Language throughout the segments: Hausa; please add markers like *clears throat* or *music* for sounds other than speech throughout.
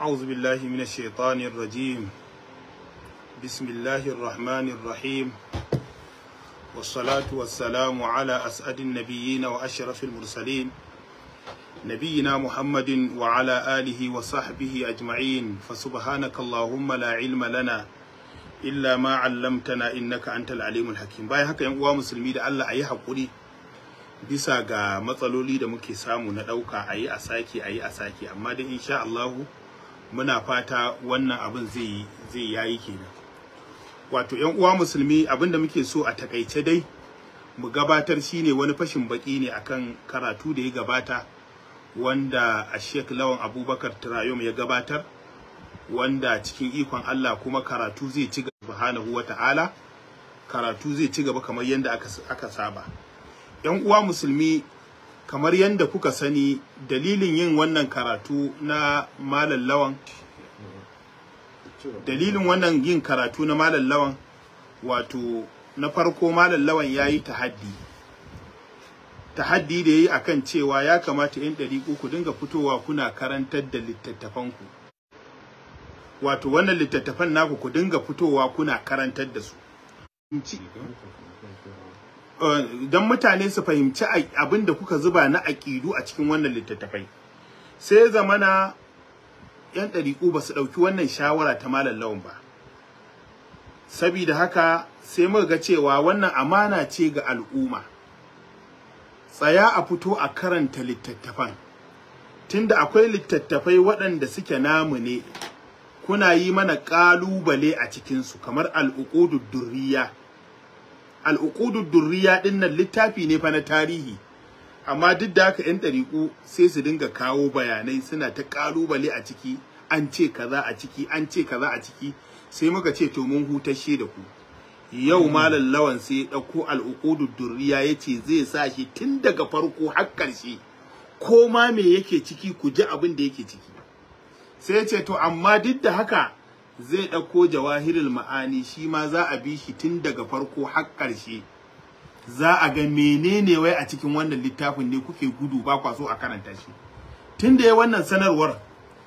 أعوذ بالله من الشيطان الرجيم بسم الله الرحمن الرحيم والصلاة والسلام على أسعد النبيين وأشرف المرسلين نبينا محمد وعلى آله وصحبه أجمعين فسبحانك اللهم لا علم لنا إلا ما علمتنا إنك أنت العليم الحكيم باي هكا يا مسلمي الله أي حقولي bisa ga matsaloli da muke samu na ɗauka a yi a sake a yi a sake amma dai insha Allahu muna fata wannan abin zai zai yayi kenan wato 'yan uwa musulmi abin da muke so a takaice dai mu gabatar shine wani fashin baki ne akan karatu da ya gabata wanda a Sheikh Lawan Abubakar Trayum ya gabatar wanda cikin ikon Allah kuma karatu zai ci gaba subhanahu wata'ala karatu zai ci gaba kamar yadda aka saba 'yan uwa musulmi kamar yadda kuka sani dalilin yin wannan karatu na malallawan dalilin wannan yin karatu na malallawan wato na farko malallawan ya yi tahaddi tahaddi da ya yi a kan cewa ya kamata 'yan ɗari ku dinga fitowa kuna karantar da littattafanku wato wannan littattafan naku ku dinga fitowa kuna karantar da su Eh, don mutane su fahimci abin da kuka zuba na aƙidu a cikin wannan littattafai sai zamana yan ɗariƙu ba su ɗauki wannan shawara ta malam lawan ba sabida haka sai muka ga cewa wannan amana ce ga al'umma tsaya a fito a karanta littattafan tunda akwai littattafai waɗanda suke namu ne kuna yi mana ƙalubale a cikinsu kamar al'uqudud durriya al'uqudud durriya dinnan littafi ne fa na tarihi amma duk da haka yan ɗariƙu sai su dinga kawo bayanai suna ta ƙalubale a ciki an ce kaza a ciki an ce kaza a ciki sai muka ce to mun hutashe da ku yau hmm. malam lawan sai ɗauko al'uqudud durriya yace zai sa shi tun daga farko har ƙarshe ko ma me yake ciki ku ji abin da yake ciki sai ce to amma duk da haka zai ɗauko jawahirul ma'ani shi ma za a bi shi tun daga farko har ƙarshe za a ga menene wai a cikin wannan littafin ne kuke gudu ba kwa so a karanta shi tun da ya wannan sanarwar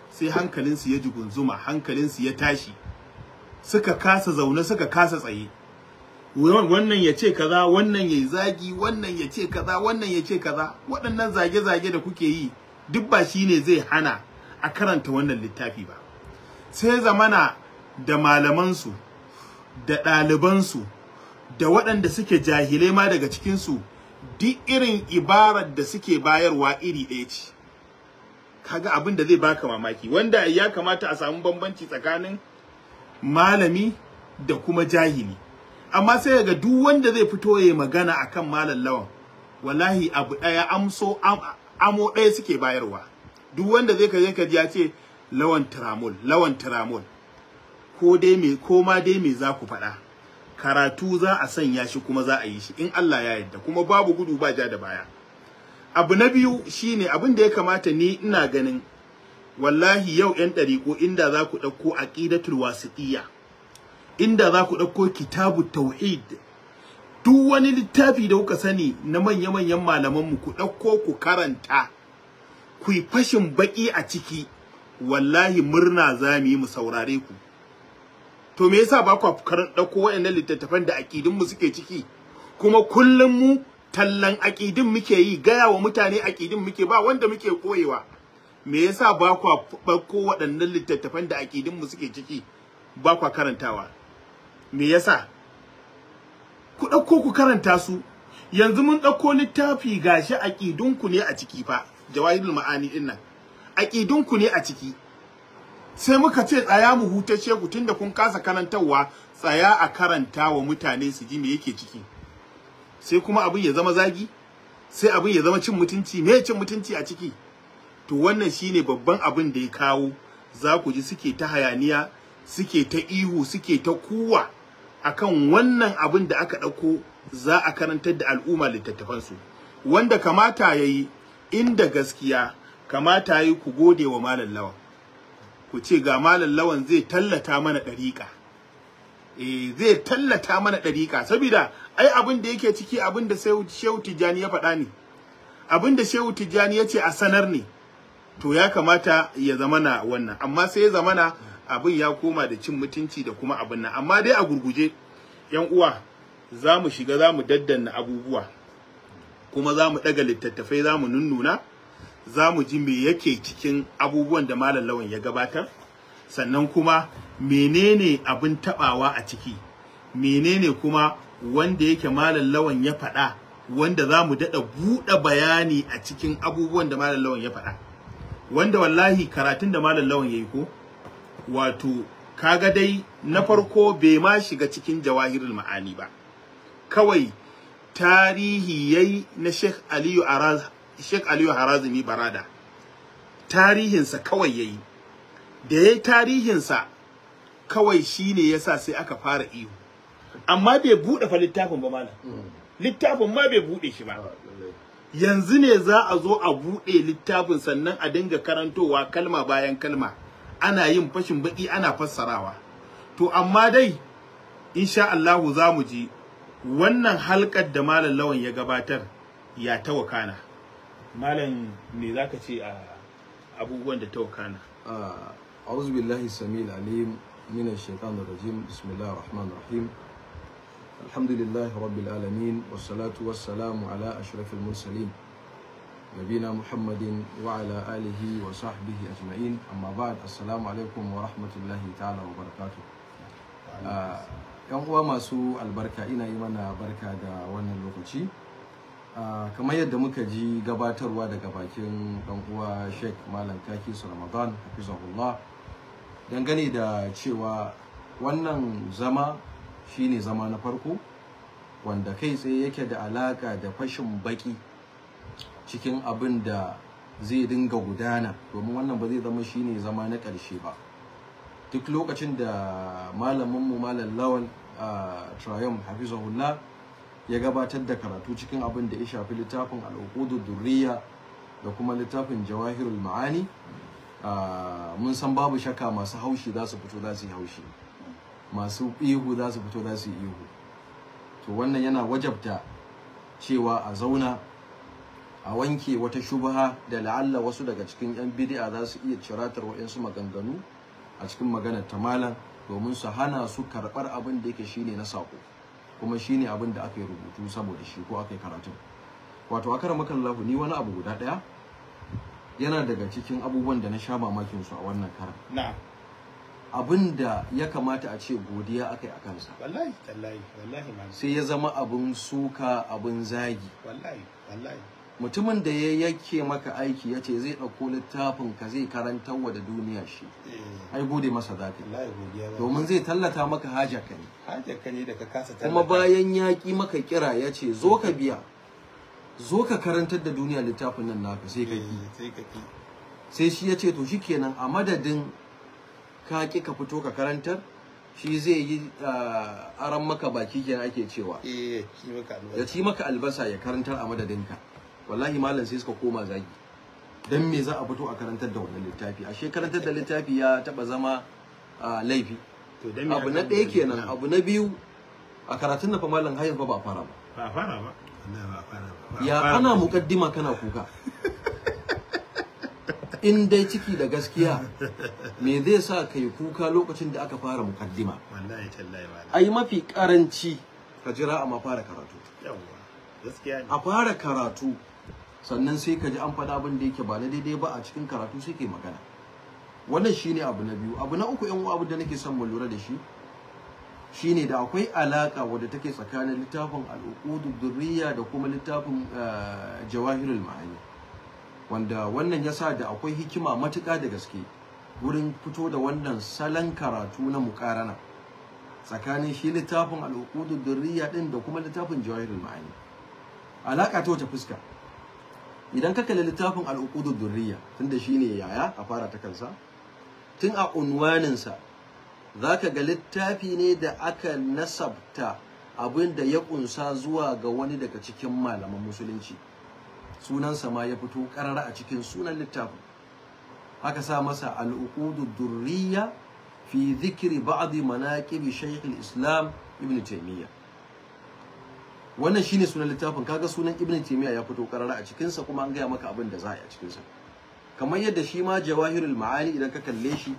sai hankalinsu ya jigunzuma hankalinsu ya tashi suka kasa zaune suka kasa tsaye wannan ya ce kaza wannan ya zagi wannan ya ce kaza wannan ya ce kaza waɗannan zage-zage da kuke yi duk ba shi ne zai hana a karanta wannan littafi ba sai zamana da malamansu da ɗalibansu da waɗanda suke jahilai ma daga cikinsu duk irin ibarar da suke bayarwa iri ɗaya ce kaga abin da zai baka mamaki wanda ya kamata a samu bambanci tsakanin malami da kuma jahili amma sai ga duk wanda zai fito ya magana akan malam lawan wallahi abu ɗaya amso amo ɗaya suke bayarwa duk wanda zai kaje kaji ya ce lawan tramol lawan tramol ko dai me ko ma dai me za ku faɗa karatu za a sanya shi kuma za a yi shi in Allah ya yarda kuma babu gudu ba ja da baya abu na biyu shine abin da ya kamata ni ina ganin wallahi yau yan ɗariko inda za ku ɗauko aqidatul wasiqiyya inda za ku ɗauko kitabut tauhid duk wani littafi da kuka sani na manya-manyan mu ku ɗauko ku karanta ku yi fashin baƙi a ciki wallahi murna za yi mu saurare ku to me yasa ba ku karan dauko wayannan littattafan da aqidin suke ciki kuma kullum mu tallan aqidin muke yi gaya wa mutane aqidin muke ba wanda muke koyewa me yasa ba ku ko waɗannan littattafan da aqidin mu suke ciki ba ku karantawa me yasa ku dauko ku karanta su yanzu mun dauko littafi gashi aqidunku ne a ciki fa jawahirul ma'ani dinnan aqidunku ne a ciki sai muka ce tsaya mu hutashe ku tunda kun kasa karantarwa tsaya a karanta wa mutane su ji me yake ciki sai kuma abin ya zama zagi sai abin ya zama cin mutunci me cin mutunci a ciki to wannan shine babban abin da ya kawo za ku ji suke ta hayaniya suke ta ihu suke ta kuwa akan wannan abin da aka ɗauko za a karantar da al'umma littattafansu wanda kamata yayi inda gaskiya kamata yayi ku gode wa malam lawan ku ce ga malam lawan zai tallata mana dariƙa eh zai tallata mana dariƙa saboda ai abin da yake ciki abin da Shehu Tijani ya faɗa ne abin da Shehu Tijani ya ce a sanar ne to ya kamata ya zamana wannan amma sai ya zamana abin ya koma da cin mutunci da kuma abin nan amma dai a gurguje yan uwa za mu shiga za mu daddanna abubuwa kuma za mu ɗaga littattafai za mu nunnuna za mu ji me yake cikin abubuwan da malam lawan ya gabatar sannan kuma menene abin tabawa a ciki menene kuma wanda yake malam lawan ya faɗa wanda za mu daɗa buɗe bayani a cikin abubuwan da malam lawan ya faɗa wanda wallahi karatun da malam lawan ya yi ko wato kaga dai na farko bai ma shiga cikin jawahirul ma'ani ba kawai tarihi yayi na Sheikh Aliyu Araz Sheikh Aliyu Harazimi Barada tarihinsa kawai yayi da yayi tarihinsa kawai shine yasa sai aka fara iyo amma bai bude fa littafin ba malam mm. littafin ma bai bude shi ba ah, yanzu ne za a zo a bude littafin sannan a dinga karantowa kalma bayan kalma ana yin fashin baki ana fassarawa to amma dai insha Allah za mu ji wannan halkar da malam lawan ya gabatar ya tawakana malam me zaka ce a abubuwan da ta wakana a'udhu billahi samil alim min ash-shaytanir rajim bismillahir rahmanir rahim alhamdulillahi rabbil alamin was-salatu was-salamu ala ashrafil mursalin nabina muhammadin wa alihi wa sahbihi ajma'in amma ba'd assalamu alaikum wa rahmatullahi ta'ala wa barakatuh yan uwa masu albarka ina yi mana barka da wannan lokaci Ah, kamar yadda muka ji gabatarwa daga bakin dan uwa Sheikh Malam Kaki su Ramadan hafizahullah dangane da cewa wannan zama shine zama na farko wanda kai tsaye yake da alaka da fashin baki cikin abin da zai dinga gudana domin wannan ba zai zama shine zama na ƙarshe ba duk lokacin da malaminmu malam lawan a ah, triumph hafizahullah ya gabatar da karatu cikin abin da ya shafi littafin al'uqudu durriya da kuma littafin jawahirul ma'ani ah, mun san babu shakka masu haushi za su fito za su yi haushi masu ihu za su fito za su yi ihu to wannan yana wajabta cewa a zauna a wanke wata shubaha da la'alla wasu daga cikin 'yan bidi'a za su iya ciratar waɗansu maganganu a cikin maganar tamalan domin su hana su karɓar abin da yake shine na saƙo. kuma shine abin da aka yi rubutu saboda shi ko aka yi karatun wato akara makallahu ni wani abu guda daya yana daga cikin abubuwan da na sha mamakin su a wannan karan abin da ya kamata a ce godiya aka yi a kansa sai ya zama abin suka abin zagi wallahi wallahi mutumin da ya yake maka aiki ya ce zai ɗauko littafin ka zai karantar wa da duniya shi eh. ai gode masa za ka domin zai tallata maka haja ka ne da ka kasa kuma bayan ya ƙi maka kira ya ce zo ka biya zo ka karantar da duniya littafin nan naka sai ka ƙi eh, sai shi ya ce to shi kenan a madadin ka ƙi ka fito ka karantar shi zai yi aran maka baki kenan ake cewa eh, ya ci maka albasa ya karantar a madadinka wallahi malam sai suka koma zagi dan me za a fito a karantar da wannan littafi A karantar da littafi ya taba zama laifi abu na ɗaya kenan abu na biyu a karatun na fa malam hayar ba ba fara ba ba fara ba ya ana mukaddima kana kuka in dai ciki da gaskiya me zai sa kai kuka lokacin da aka fara mukaddima wallahi tallahi ai mafi karanci ka jira a ma fara karatu a fara karatu sannan sai ka ji an faɗa abin da yake ba na daidai ba a cikin karatu sai ke magana wannan shine abu na biyu abu na uku yan abu da nake son mu lura da shi shine da akwai alaka wadda take tsakanin littafin al'uqudu durriya da kuma littafin eh, jawahirul ma'ani wanda wannan yasa da akwai hikima matuƙa da gaske wurin fito da wannan salon karatu na muƙarana tsakanin shi littafin al'uqudu durriya din da kuma littafin jawahirul ma'ani alaka ta wata fuska idan ka kalli littafin al'uqudud durriya tunda shine yaya a fara ta kansa tun a unwanin sa zaka ga littafi ne da aka nasabta abin da ya kunsa zuwa ga wani daga cikin malaman musulunci sunansa ma ya fito karara a cikin sunan littafin aka sa masa al'uqudud durriya fi dhikri ba'd manaqib shaykh al-islam ibn taymiyyah wannan shine sunan littafin kaga sunan ibn taymiya ya fito karara a cikin sa kuma an gaya maka abin da za a cikin sa kamar yadda shi ma jawahirul ma'ani idan ka kalle shi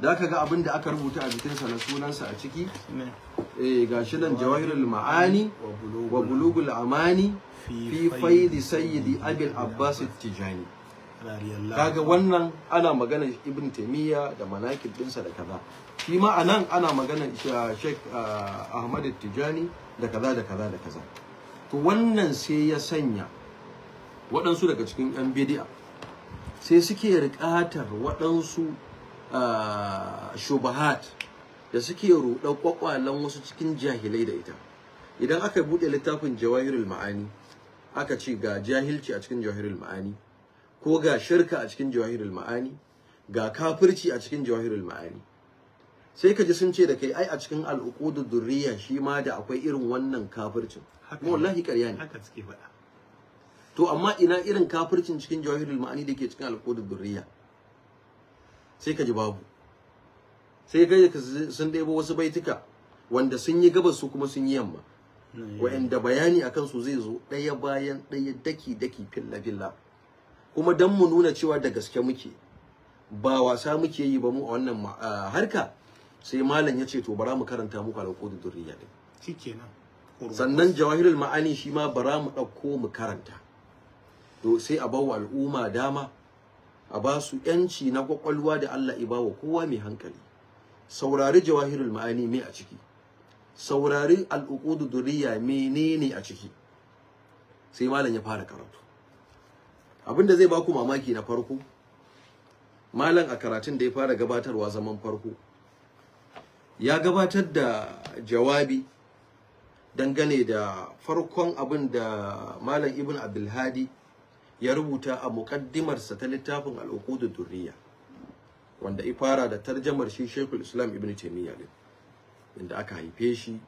da ka ga abin da aka rubuta a jikin sa na sunan sa a ciki eh gashi nan jawahirul ma'ani wa bulugul amani fi faidi sayyidi abul abbas tijani kaga wannan ana magana ibn taymiya da manakib dinsa da kaza shi ma anan ana magana uh, shek uh, ahmad tijani da kaza da kaza da kaza to wannan sai ya sanya waɗansu daga cikin yan bidi'a sai suke riƙatar waɗansu shubahat da suke ruɗa ƙwaƙwalen wasu cikin jahilai da ita idan aka buɗe littafin jawahirul ma'ani aka ce ga jahilci a cikin jawahirul ma'ani ko ga shirka a cikin jawahirul ma'ani ga kafirci a cikin jawahirul ma'ani sai ka ji sun ce da kai ai a cikin al'uqudu durriya shi ma da akwai irin wannan kafircin kuma wallahi ƙarya ne haka suke faɗa to amma ina irin kafircin cikin jawahirul ma'ani da ke cikin al'uqudu durriya sai ka ji babu sai ga sun ɗebo wasu baituka wanda sun yi gabas su kuma sun yi yamma wa'anda bayani akan su zai zo ɗaya bayan ɗaya daki daki filla filla kuma dan mu nuna cewa da gaske muke ba wasa muke yi ba mu a wannan harka sai malam ya ce to bara mu karanta muku alƙudin durriya din shikenan sannan jawahirul ma'ani shi ma bara mu ɗauko mu karanta to sai a bawa al'umma dama a ba su yanci na kwakwalwa da Allah wa kowa mai hankali saurari jawahirul ma'ani me a ciki saurari al'uqudu duriya menene a ciki sai malam ya fara karatu abinda zai baku mamaki na farko malam a karatun da ya fara gabatarwa zaman farko ya gabatar da jawabi dangane da farkon abin da malam ibn abdulhadi ya rubuta a muƙaddimarsa ta littafin alukudu durriya wanda ifara da tarjamar shi Sheikhul Islam Ibn Taymiyyah din inda aka haife shi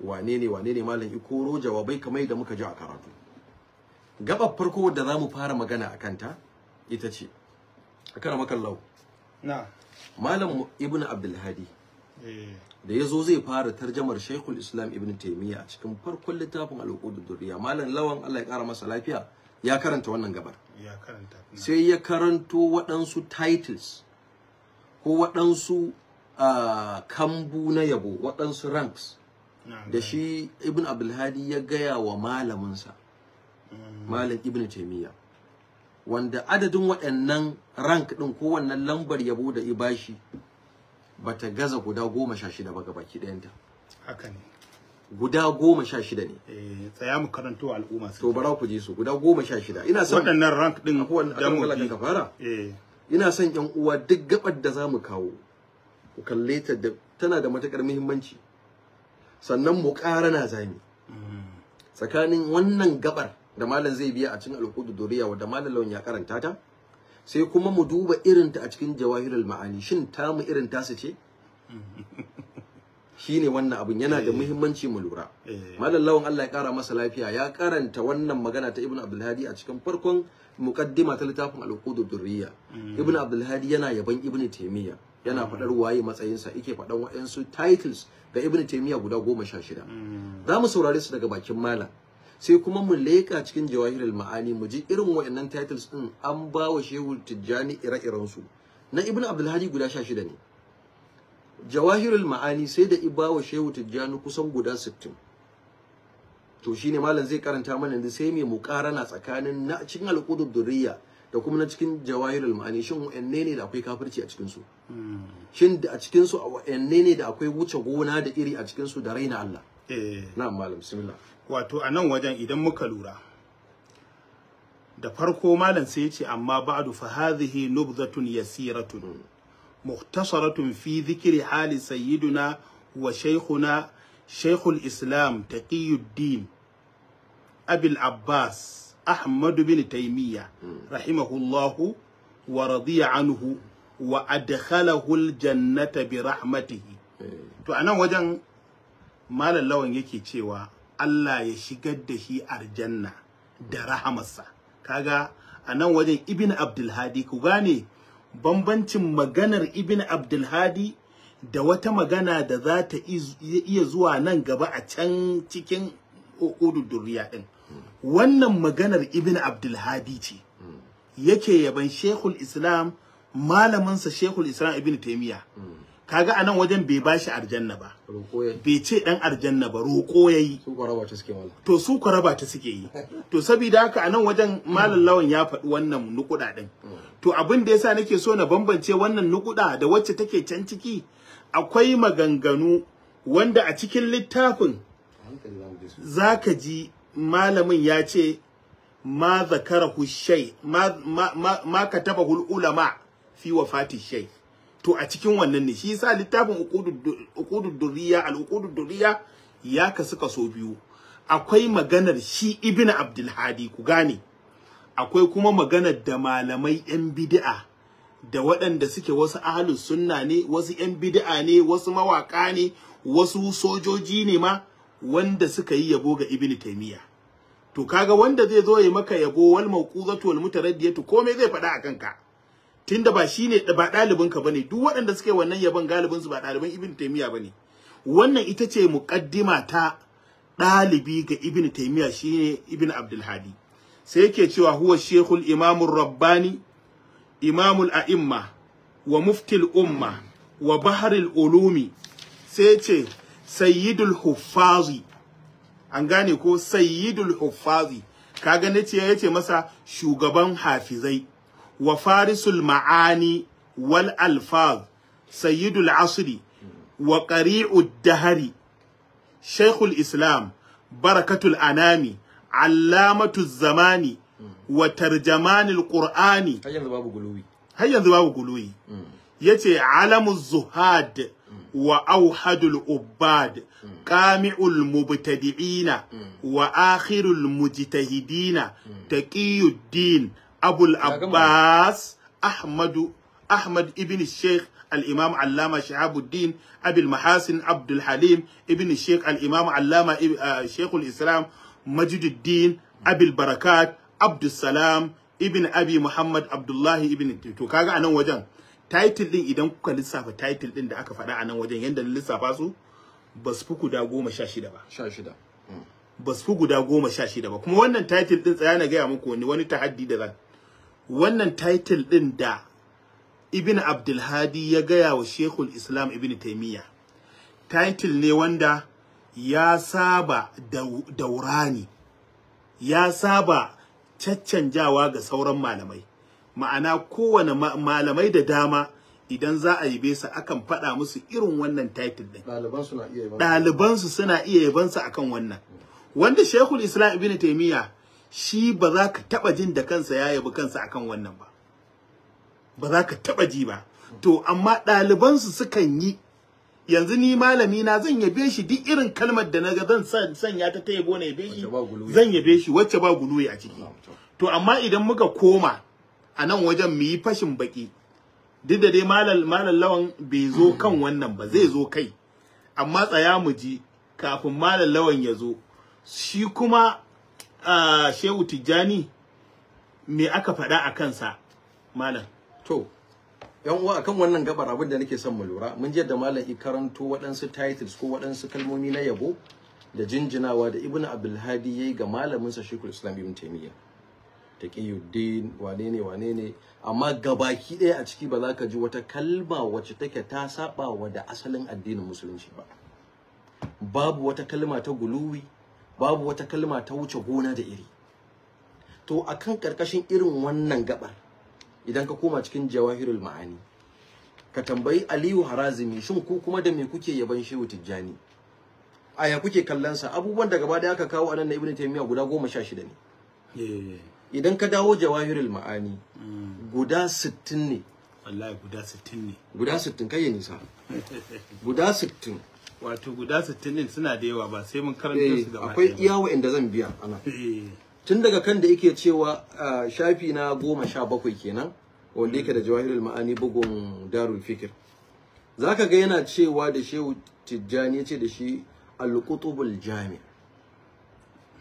wane ne wane ne malam ikoro jawabai kamar da muka ji a karatu gabar farko da zamu fara magana akan ta ita ce akara makallau na malam ibn abdulhadi da ya zo zai fara tarjamar shaikul Islam Ibn taimiyya a cikin farkon littafin al duriya Malam Lawan Allah ya kara masa lafiya ya karanta wannan gabar sai ya karanto waɗansu titles ko waɗansu kambu na yabo waɗansu ranks da shi Ibn Abdulhadi ya gaya wa malaminsa mm. Malam Ibn taimiyya wanda adadin waɗannan rank ɗin ko wannan lambar yabo da ibashi bata gaza guda goma sha shida ba gabaki ɗayanta haka ne guda goma sha shida ne eh tsaya mu karanto al'umma to bara ku ji su guda goma sha shida ina son waɗannan rank din da mu ka fara eh ina son yan uwa duk gabar da zamu kawo ku kalle ta da tana da matakar muhimmanci sannan mu na zami mm. tsakanin wannan gabar da malam zai biya a cikin alƙudu duriya da malam lawan ya karanta ta sai kuma mu duba irinta a cikin jawahirul ma'ani shin tamu irin tasu ce *laughs* shine wannan abun. yana da eh. muhimmanci mu lura eh. malam lawan Allah ya kara masa lafiya ya karanta wannan magana ta ibnu hadi a cikin farkon muqaddima ta littafin al-uqud durriya mm. ibnu abdulhadi yana yaban ibnu taymiya yana mm. faɗar waye matsayinsa yake faɗan waɗansu titles ga ibnu taymiya guda goma sha shida mm. za mu saurare su daga bakin malam sai kuma mu leƙa cikin jawahirul ma'ani mu ji irin wayannan titles din an ba wa shehu tijjani ire-iren su na ibnu abdulhadi guda 16 ne jawahirul ma'ani sai da ibawa shehu tijjani kusan guda 60 to shine malam zai karanta mana yanzu sai mai mukarana tsakanin na cikin alqudud durriya da kuma na cikin jawahirul ma'ani shin wa'anne ne da akwai kafirci a cikin su hmm. shin da a cikin su wa'anne ne da akwai wuce gona da iri a cikin su da raina Allah eh na'am malam bismillah wato a nan wajen idan muka lura da farko malam sai ce amma ba'du fa hadhihi nubzatun yasiratun mukhtasaratun fi dhikri hali sayyiduna wa shaykhuna shaykhul islam taqiyuddin abil abbas ahmad bin taymiya rahimahullahu wa radiya anhu wa adkhalahu al jannata bi rahmatihi eh. to anan wajen malam lawan yake cewa Allah ya shigar da shi aljanna da rahamarsa kaga a nan wajen ibn abdulhadi ku gane bambancin maganar ibn abdulhadi da wata magana da za ta iya zuwa nan gaba a can cikin ududuriya din wannan maganar ibn abdulhadi ce hmm. yake yaban shekul islam malaminsa shekul islam ibn taimiyya hmm. kaga anan wajen bai bashi aljanna ba bai ce dan aljanna ba roko yayi to su kwaraba ta suke yi to saboda haka anan wajen malam mm. lawan ya faɗi wannan nukuda din mm. to abin da yasa nake so na bambance wannan nukuda da wacce take can ciki akwai maganganu wanda a cikin littafin zaka ji malamin ya ce ma zakarahu shay ma ma, ma, ma katabahu ulama fi wafati shay to a cikin wannan ne shi yasa littafin uqudu durriya al uqudu durriya ya kasu kaso biyu akwai maganar shi ibnu abdul hadi ku gane akwai kuma maganar da malamai yan bid'a da waɗanda suke wasu ahlus sunna ne wasu yan bid'a ne wasu mawaka ne wasu sojoji ne ma wanda suka yi yabo ga ibnu taymiya to kaga wanda zai zo ya maka yabo wal mawquzatu wal mutaraddiyatu komai zai faɗa akan kanka? tunda ba shine ba dalibin ka bane duk waɗanda suke wannan yaban galibin su ba daliban ibn taymiya bane wannan ita ce muqaddima ta dalibi ga ibn taymiya shine ibn abdul hadi sai yake cewa huwa shaykhul imamur rabbani imamul a'imma wa muftil umma wa al ulumi sai yace sayyidul Hufazi. an gane ko sayyidul huffazi kaga nace yace masa shugaban hafizai wa farisul ma'ani wal alfaz sayyidul asri wa qari'ud dahari shaykhul islam barakatul anami allamatuz zamani wa tarjamanil qur'ani har yanzu babu guluwi yanzu babu hmm. yace alamu zuhad wa auhadul ubbad hmm. qami'ul mubtadi'ina hmm. wa akhirul mujtahidina taqiyuddin abul abbas ahmadu ahmad ibn sheikh الإمام علامة شهاب الدين أبي المحاسن عبد الحليم ابن الشيخ الإمام علامة شيخ الإسلام مجد الدين أبي البركات عبد السلام ابن أبي محمد عبد الله ابن to kaga anan wajen title din idan kuka lissafa title din da aka faɗa anan wajen yanda lissafa su basu fi guda 16 ba 16 mm. basu fi guda 16 ba kuma wannan title din tsaya na ga ya muku wani wani tahaddi da zan wannan title din da Ibn Abdulhadi ya gaya wa Shekul Islam Ibn Taimiyya, title ne wanda ya saba daurani ya saba caccanjawa ga sauran malamai ma'ana kowane malamai da dama idan za a yi besa akan faɗa musu irin wannan title din ɗalibansu suna iya yabansa akan wannan wanda Shekul Islam Ibn Taimiyya. shi ba za ka taba jin da kansa ya yabi kansa akan wannan ba ba za ka taɓa ji ba to amma ɗalibansu sukan yi yanzu ni malami na zan yabe shi duk irin kalmar da naga zan sanya ta ta yabo na yabe shi zan yabe shi wacce ba guluyi a ciki to amma idan muka koma a nan wajen mu yi fashin baki duk da dai malal lawan bai zo kan wannan ba zai zo kai amma tsaya mu ji kafin malal lawan ya zo shi kuma uh, Shehu Tijjani me aka faɗa a kansa malam to yan uwa akan wannan gabar abin da nake son mu lura mun je da malam karanto waɗansu titles ko waɗansu kalmomi na yabo da jinjinawa da ibnu abdulhadi yayi ga malamin sa Sheikhul islam ibn taymiya taqiyuddin wane ne wane ne amma gabaki ɗaya a ciki ba za ka ji wata kalma wacce take ta saba wa da asalin addinin musulunci ba babu wata kalma ta guluwi babu wata kalma ta wuce gona da iri to akan karkashin irin wannan gabar idan ka koma cikin jawahirul ma'ani ka tambayi Aliyu Harazimi shin ku kuma da me kuke yaban Shehu Tijjani aya kuke kallon sa abubuwan da gaba da aka kawo anan na ibnu taymiya guda 16 ne eh. idan ka dawo jawahirul ma'ani hmm. guda 60 ne wallahi guda 60 ne guda 60 kai ne sa *laughs* guda 60 wato guda 60 din suna da yawa ba sai mun karanta eh, su gaba akwai iya wa'anda zan biya ana eh. tun daga kan da yake cewa shafi na goma sha bakwai kenan wanda yake da jawahirul ma'ani bugun darul fikir zaka ga yana cewa da shehu tijjani yace da shi al-qutubul jami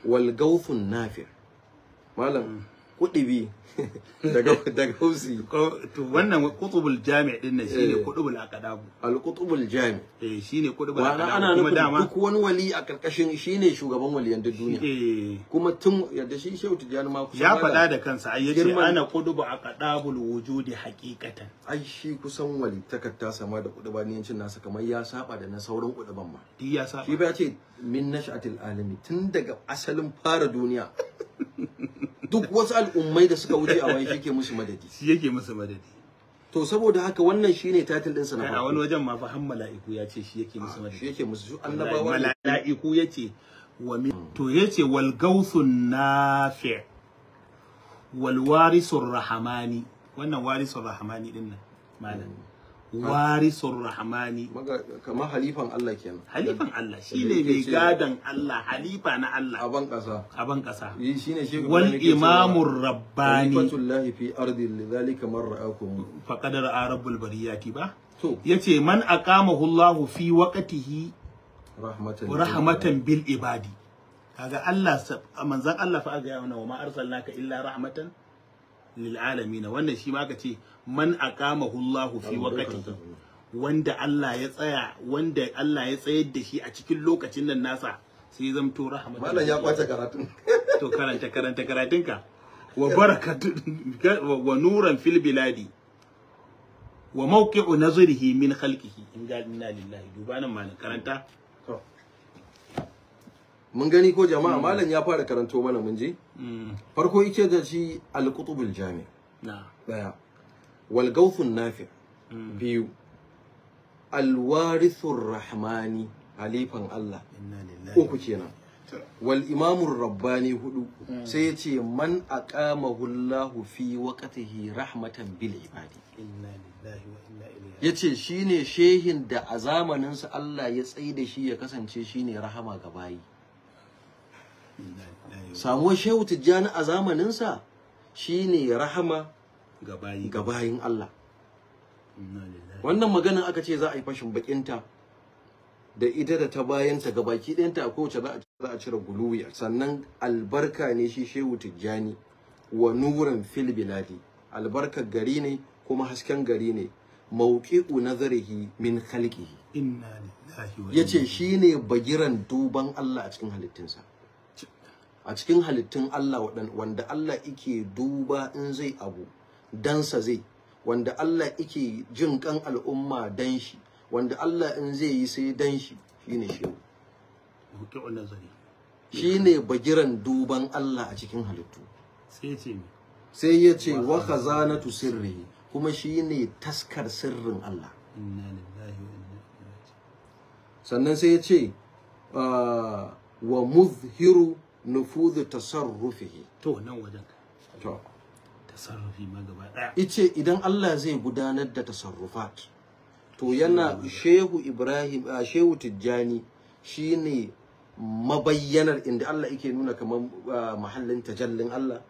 wal gawthun nafi malam mm. kudubi *laughs* daga daga husi to wannan qutubul jami' din nan shine qutubul eh. aqdabu al qutubul jami'a. eh shine qutubul aqdabu kuma dama duk wani wali a karkashin shine shugaban waliyan duk duniya eh. kuma tun yadda shi Shehu Tijani ma kusa ya faɗa da kansa ai yace ana qutubu aqdabul wujudi haqiqatan ai shi kusan wali takatta sama da qutubaniyancin nasa kamar ya saba da na sauran qutuban ma ya saba shi ba ya ce min nashatil alami tun daga asalin fara duniya *laughs* duk wasu al'ummai da suka wuce a waye ke musu madadi shi yake musu madadi to saboda haka wannan shine title din sa na a wani wajen ma fa han mala'iku ya ce shi yake musu madadi shi yake musu annabawa mala'iku yace wa min to yace wal gausun nafi wal warisur rahmani wannan warisur rahmani din nan malam mm. warisun rahmani kamar halifan Allah kenan halifan Allah shine mai gadan Allah halifa na Allah aban kasa aban kasa shine shi wal imamur rabbani fatullahi fi ardi lidhalika man ra'akum faqad ra'a rabbul bariyati ba to yace man aqamahu Allah fi waqtihi rahmatan rahmatan bil ibadi kaga Allah manzan Allah fa ga yana wa ma arsalnaka illa rahmatan lil alamin wannan shi ma ce man a kama fi waqtihi wanda ya wanda Allah ya tsayar da shi a cikin lokacin nan nasa sai zamto rahmatan malam ya kwace karatun *laughs* to karanta karanta karatunka wa *laughs* wa nuran fil biladi wa mawqi'u nazrihi min in ga lillahi karanta mun gani ko jama'a hmm. malam ya fara karanto mana mun ji hmm. farko yake da shi al-qutubul jami daya wal gawthun nafi hmm. biyu al-warithur rahmani halifan Allah uku kenan wal imamur rabbani hudu sai yace man aqamahu Allahu fi waqtihi rahmatan bil ibadi inna lillahi wa inna ilaihi yace shine shehin da a zamanin sa Allah ya tsaida shi ya kasance shine rahama ga bayi samuwar shehu tijjani a zamaninsa shine rahama ga bayin Allah wannan magana aka ce za a yi fashin bakinta da ita da ta bayanta ga baki ɗayanta a kowace za a cire guluwi sannan albarka ne shi shehu tijjani wa nuran fil biladi albarkar gari ne kuma hasken gari ne mauqi'u nazarihi min khalqihi inna lillahi wa inna yace shine bagiran duban Allah a cikin halittinsa a cikin halittun Allah wanda Allah ike duba in zai abu dansa zai wanda Allah ike jin kan al'umma dan shi wanda Allah in zai yi sai dan shi shine shehu shine bagiran duban Allah a cikin halittu sai ya ce wa khazanatu sirri kuma shine taskar sirrin Allah sannan sai ya ce ah, wa muzhiru nufuzu tasarrufihi to nan wajen to tasarrufi ma gaba daya ice idan Allah zai gudanar da tasarrufat to yana shehu Ibrahim a shehu Tijjani shine mabayyanar inda Allah yake nuna kamar mahallin tajallin Allah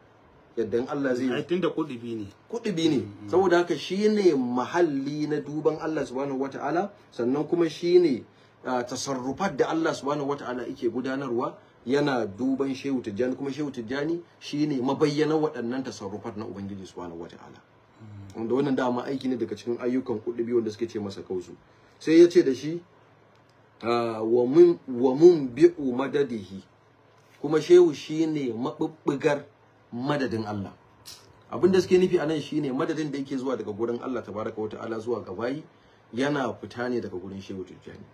yadda Allah zai yi tunda kudubi ne kudubi ne mm, mm. saboda haka shine mahalli na duban Allah subhanahu wataala sannan kuma shine tasarrufat da Allah subhanahu wataala yake gudanarwa yana duban shehu tijjani kuma shehu tijjani shine mabayyana waɗannan tasarrufar na ubangiji subhanahu wataala wanda wannan dama aiki ne daga cikin ayyukan kudubi wanda suke ce masa kausu sai ya ce da shi ah, wa mun bi'u madadihi kuma shehu shine mabubbugar madadin Allah abin da suke nufi anan shine madadin da yake zuwa daga gurin Allah tabaraka wata ala zuwa ga bayi yana fita ne daga gurin shehu tijjani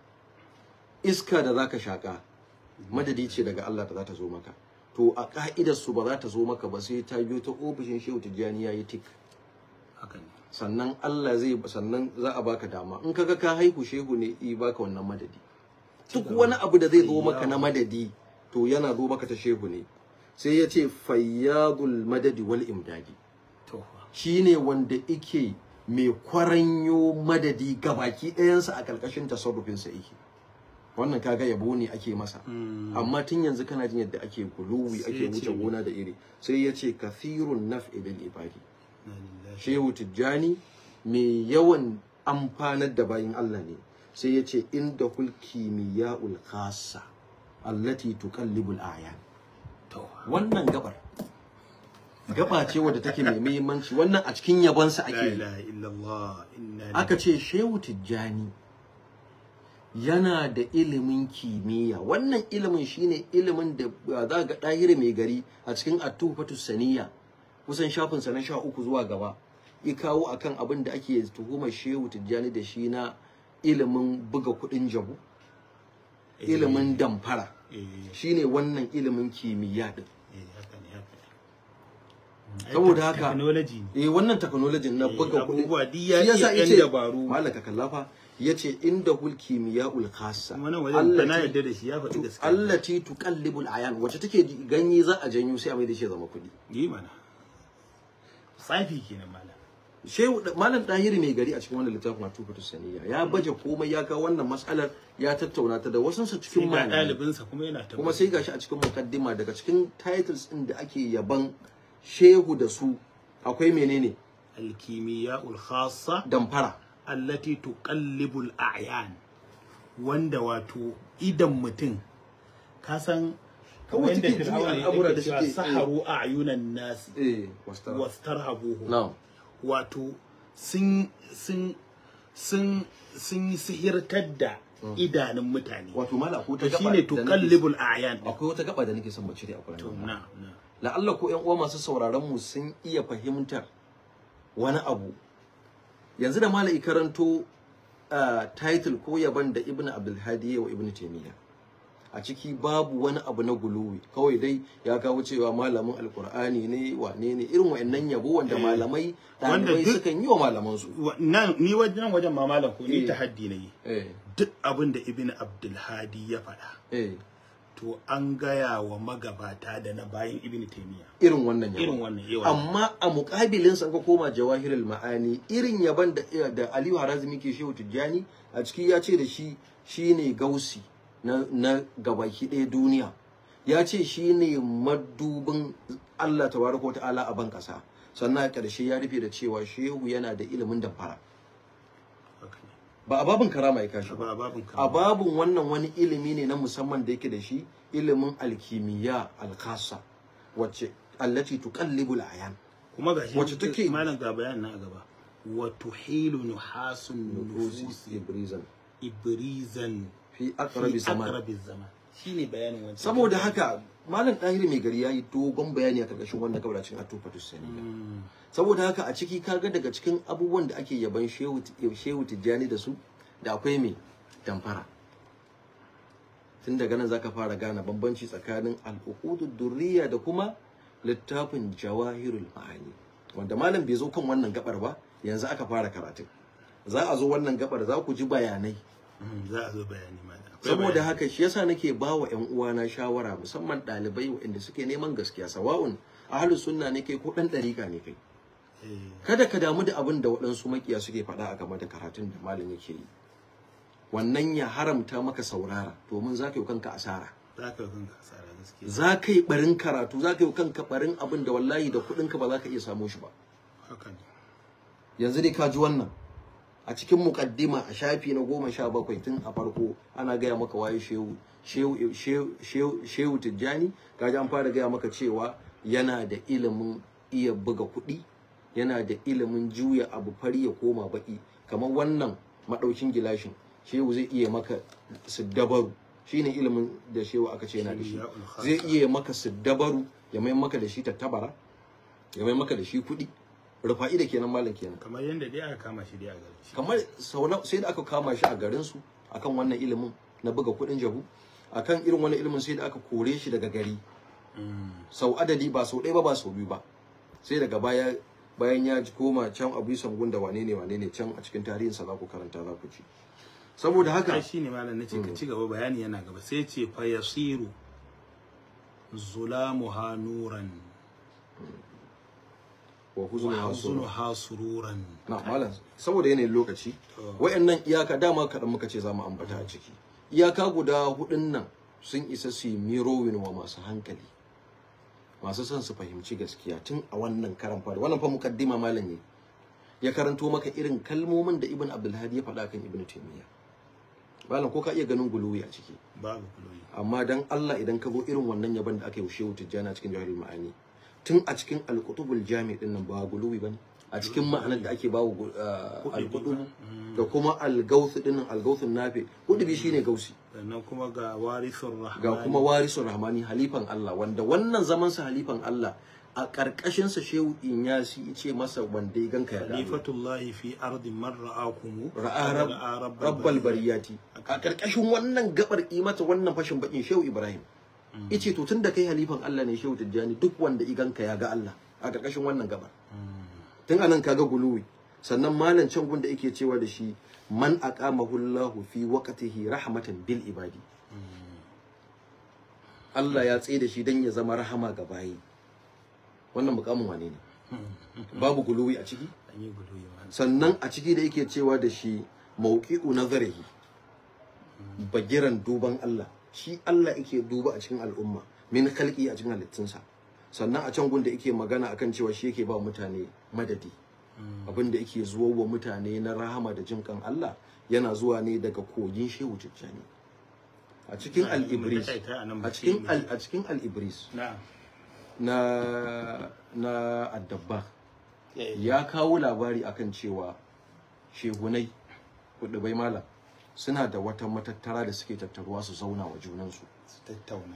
iska da zaka shaka madadi ce daga Allah da za ta zo maka to a ka'idar su ba za ta zo maka ba sai ta biyo ta ofishin Shehu Tijjani yayi tik sannan Allah zai sannan za a baka dama in kaga ka haihu Shehu ne i baka wannan madadi duk wani abu da zai zo maka na madadi to yana zo maka ta Shehu ne sai ya ce fayyadul madadi wal imdadi shine wanda yake mai kwaranyo madadi gabaki ɗayansa a ƙarƙashin tasarrufinsa yake wannan kaga yabo ne ake masa mm. amma tun yanzu kana jin yadda ake guluwi ake wuce gona da iri sai ya ce kathirun naf'i bil ibadi shehu tijjani mai yawan amfanar da bayan Allah ne sai ya ce inda hul kimiyya'ul khassa allati tuqallibul ayan to wannan gabar gaba ce wadda take mai muhimmanci wannan a cikin yabonsa ake aka ce shehu tijjani yana da ilimin kimiyya wannan ilimin shine ilimin da uh, za ga ɗahiri mai gari a cikin atufatu saniya kusan shafin sa na sha uku zuwa gaba ya kawo akan abin da ake tuhumar shehu tijjani da shi na ilimin buga kuɗin jabu eh, ilimin eh. damfara eh. shine wannan ilimin kimiyya din mm. saboda haka eh wannan technology na buga shi yasa yace dabaru malaka kallafa yace inda hul kimiya'ul khassa Allah na yarda da shi ya faɗi gaskiya allati tuqallibul ayan wacce take ganye za a janyo sai a mai da shi zama kuɗi yi mana tsafi kenan malam shehu malam dahiri mai gari a cikin wannan littafin atufatu saniya ya baje komai ya ga wannan mas'alar ya tattauna ta da wasu su cikin malamai sa kuma yana kuma sai gashi a cikin mukaddima daga cikin titles din da ake yaban shehu da su akwai menene alkimiya ulkhassa damfara allati tuqallibul a'yan wanda wato idan mutum ka san kawai da fir'auna ya da suke saharu a eh, ayunan nas eh, wastarhabuhu wato sun sun sun sun sihirtar da mm. idanun mutane wato mala ko ta gaba shine tuqallibul a'yan akwai wata gaba da nake son mu cire a Qur'ani na na la'alla ko ƴan uwa masu sauraron mu sun iya fahimtar wani abu yanzu da malai karanto uh, title ko yaban da ibn abdulhadi wa ibn taimiyya a ciki babu wani abu na guluwi kawai dai ya kawo cewa malamin alkur'ani ne wane ne irin wayannan yabo wanda eh, malamai ɗalibai sukan yi wa malaman su nan ni wajen wajen ma malam ko ni eh. tahaddi ne eh. duk abin da ibn abdulhadi ya faɗa to an gaya wa magabata da na bayan ibn taymiya irin wannan irin amma a mukabilin sa koma koma al ma'ani irin yaban eh, da Aliyu Harazmi ke shehu Tijjani a ciki ya ce da shi shine gausi na na gabaki ɗaya duniya ya ce shine madubin Allah tabaraka wa ta'ala a ban kasa sannan a ƙarshe ya rufe da cewa shehu yana da ilimin damfara ba a babun karama ya kashi ba a babun wannan wani ilimi ne na musamman da yake da shi ilimin alkimiyya alkhasa wacce allati tuqallibu alayan kuma gashi wacce take malam ga bayanin nan a gaba wa tuhilu nuhasun nufus ibrizan ibrizan fi aqrabi zaman shine bayanin wannan saboda haka malam tahiri mai gari ya yi dogon bayani a karkashin wannan kabara cikin atufa tussaniya saboda haka a ciki kaga daga cikin abubuwan da ake yaban shehu tijjani da su da akwai mai damfara tun daga nan zaka fara gane bambanci tsakanin al'uqudud durriya da kuma littafin jawahirul ma'ani wanda malam bai zo kan wannan gabar ba yanzu aka fara karatu za a zo wannan gabar za ku ji bayanai hmm, za a zo bayanai saboda haka shi yasa nake ba wa ƴan uwana shawara musamman ɗalibai waɗanda suke neman gaskiya sawa'un ahlus sunna ne kai ko ɗan ɗariƙa ne kai eh. kada ka damu da abin da waɗansu makiya suke faɗa a game da karatun da malam yake yi wannan ya haramta maka saurara domin za ka yi kanka asara za ka yi barin karatu za ka yi kanka barin abin da wallahi da kuɗinka ba za ka iya samo shi ba yanzu dai ka ji wannan a cikin mukaddima a shafi na goma sha bakwai tun a farko ana gaya maka waye shehu shehu tijjani kaji an fara gaya maka cewa yana da ilimin iya buga kuɗi yana da ilimin juya abu fari ya koma baki kamar wannan maɗaukin gilashin shehu zai iya maka su dabaru shine ilimin da shehu aka ce yana da shi zai iya maka su dabaru ya mai maka da shi tattabara ya mai maka da shi kuɗi rufa'i da kenan malam kenan kamar yanda dai aka kama shi dai a garin shi kamar sai da aka kama shi a garin su akan wannan ilimin na buga kudin jabu akan irin wannan ilimin sai da aka kore shi daga gari mm. sau adadi ba sau ɗaya ba ba sau biyu ba sai daga baya bayan ya koma can abu sangun gunda wane ne wane ne can a cikin tarihin sa za ku karanta za ku ci saboda haka shi ne malam nace ka mm. ci gaba bayani yana gaba sai ce fa yasiru zulamuha nuran mm. wa huzunu na malam saboda yanayin lokaci waannan iyaka dama kaɗan muka ce za mu ambata a ciki iyaka guda hudun nan sun isa su yi mirowin wa masu hankali masu son su fahimci gaskiya tun a wannan karan fari wannan fa mukaddima malam ne ya karanto maka irin kalmomin da ibn abdulhadi ya faɗa kan ibn taymiya malam ko ka iya ganin guluwi a ciki babu guluwi amma dan Allah idan ka zo irin wannan yaban da aka yi wa shehu jana cikin jahilul ma'ani tun a cikin alkutubul jami din nan ba guluwi bane a cikin ma'anar da ake ah, ba wa mm. alkutub da kuma algausu din nan algausun nafi kudubi shine mm. gausi sannan kuma ga warisun rahmani ga kuma warisun rahmani halifan Allah wanda wannan zaman sa halifan Allah a karkashin sa shehu inyasi ce masa wanda ya ganka ya gano khalifatullahi fi ardi man ra'akum ra'a rabbal bariyati a karkashin wannan gabar imata wannan fashin bakin shehu ibrahim yace to tunda kai halifan Allah ne Shehu Tijjani duk wanda iganka ya ga Allah a karkashin wannan gabar tun anan kaga guluwi sannan malam can gun da yake cewa da shi man aqamahu Allahu fi waqtihi rahmatan bil ibadi Allah ya tsaye da shi dan ya zama rahama ga bayi wannan mukamin wane ne babu guluwi a ciki sannan a ciki da yake cewa da shi mauqi'u nazarihi bagiran duban Allah shi Allah yake duba a cikin al'umma min khalqi a cikin halittunsa sannan a can gun da yake magana akan cewa shi yake ba mutane madadi abin da yake zuwa wa mutane na rahama da jin kan Allah yana zuwa ne daga kogin shehu cicciani a cikin al-ibris a cikin al a cikin al-ibris na na addabba eh. ya kawo labari akan cewa shegunai kudubai malam suna da wata matattara da suke tattaruwa su zauna wa junansu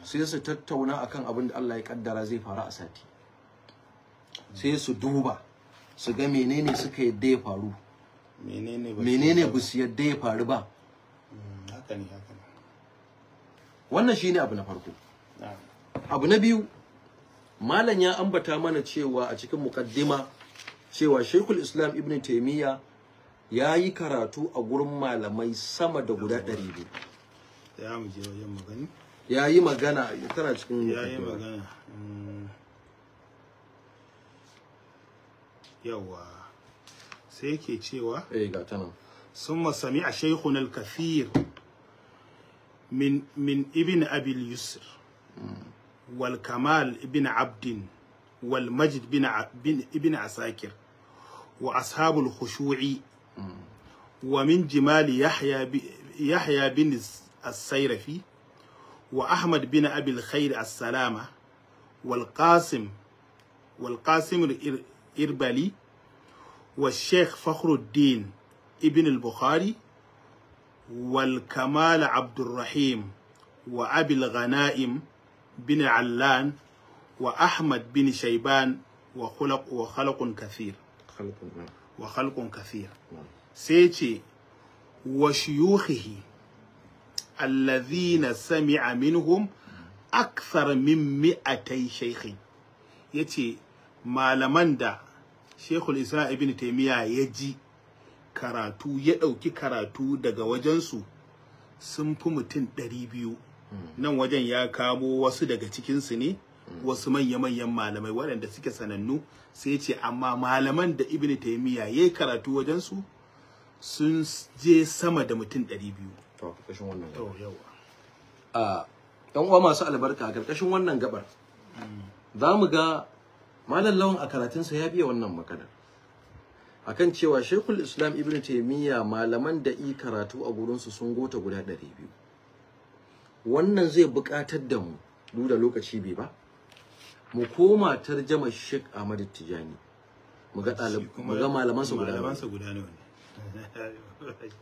sai su tattauna akan abin da Allah ya kaddara zai faru a sati hmm. sai su duba su ga menene suka yadda ya faru menene ba su yadda ya faru ba hmm, wannan shine abu na farko abu na biyu malam ya ambata mana cewa a cikin mukaddima cewa Sheikhul Islam Ibn taimiyya. ya yi karatu a gurin malamai sama da guda ɗari biyu ya mu je wajen magani ya yi magana tana cikin ya yi magana mm. yawa sai yake cewa eh ga ta nan summa sami'a shaykhuna al-kathir min min ibn abi al-yusr mm. wal kamal ibn abdin wal majid ibn asakir wa ashabul khushu'i ومن جمال يحيى يحيى بن السيرفي وأحمد بن أبي الخير السلامة والقاسم والقاسم الإربلي والشيخ فخر الدين ابن البخاري والكمال عبد الرحيم وأبي الغنائم بن علان وأحمد بن شيبان وخلق وخلق كثير خلق wa khalqun kathir sai ce wa shuyukhihi alladhina sami'a minhum akthar min mi'atay shaykhin yace malaman da shekul Islam Ibn Taymiyyah ya ji karatu ya dauki karatu daga wajensu sun fi mutum 200 nan wajen ya kamo wasu daga cikinsu ne wasu manya-manyan malamai waɗanda suke sanannu sai ce amma malaman da ibn ya yi karatu wajensu sun je sama da mutum 200 to yawa uwa masu albarka ƙarƙashin wannan gabar mu ga malallawan a karatunsa ya biya wannan A kan cewa shekul Islam Ibn taimiyya malaman da i karatu a gurinsu sun gota guda 200 wannan zai buƙatar da mu duda lokaci bai ba mu koma tarjama Sheikh Ahmad Tijani mu ga mu ga malaman sa guda ne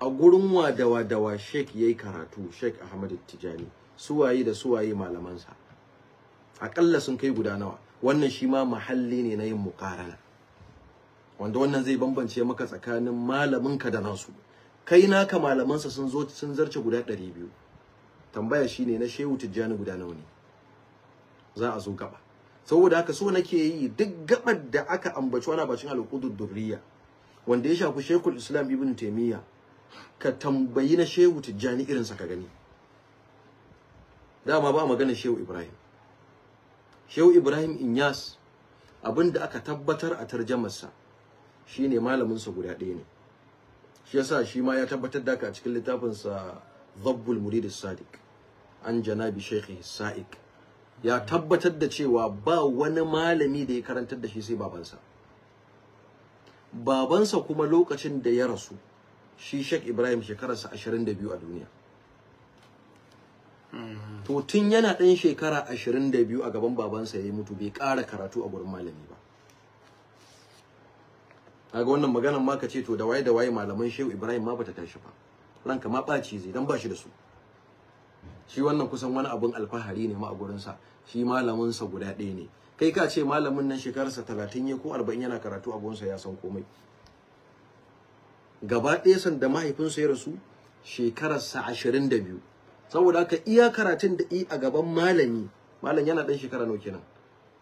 a gurin wadawa dawa Sheikh yayi karatu Sheikh Ahmad Tijani waye da suwaye malaman sa akalla sun kai guda nawa wannan shi ma mahalli ne na yin muqarana wanda wannan zai bambance maka tsakanin malamin ka da nasu kai naka malaman sa sun zo sun zarce guda 200 tambaya shine na Shehu Tijani guda nawa ne za a zo gaba saboda haka so nake yi duk gabar da aka ambaci wani bacin alqudud durriya wanda ya shafi Sheikhul Islam Ibn Taymiyyah ka tambayi na Shehu Tijjani irin sa ka gani dama ba magana Shehu Ibrahim Shehu Ibrahim Inyas abinda aka tabbatar a tarjamarsa shine malamin sa guda ɗaya ne shi yasa shi ma ya tabbatar da ka a cikin littafinsa zabbul Murid Sadiq an janabi Sheikh Sa'iq ya tabbatar da cewa ba wani malami da ya karantar da shi sai babansa babansa kuma lokacin da ya rasu shi shek Ibrahim shekararsa 22 a duniya to tun yana ɗan shekara 22 a gaban babansa ya yi mutu bai ƙara karatu a gurin malami ba ga wannan maganan ma ce to da waye da waye malaman Shehu Ibrahim ma bata tashi ba ranka ma ɓaci zai dan ba shi da su shi wannan kusan wani abun alfahari ne ma a shi malaminsa guda ɗaya ne kai ka ce malamin nan shekararsa talatin ya ko arba'in yana karatu a gurinsa ya san komai gaba ɗaya san da mahaifinsa ya rasu shekararsa ashirin da biyu saboda haka iya karatun da i a gaban malami malam yana ɗan shekara nawa kenan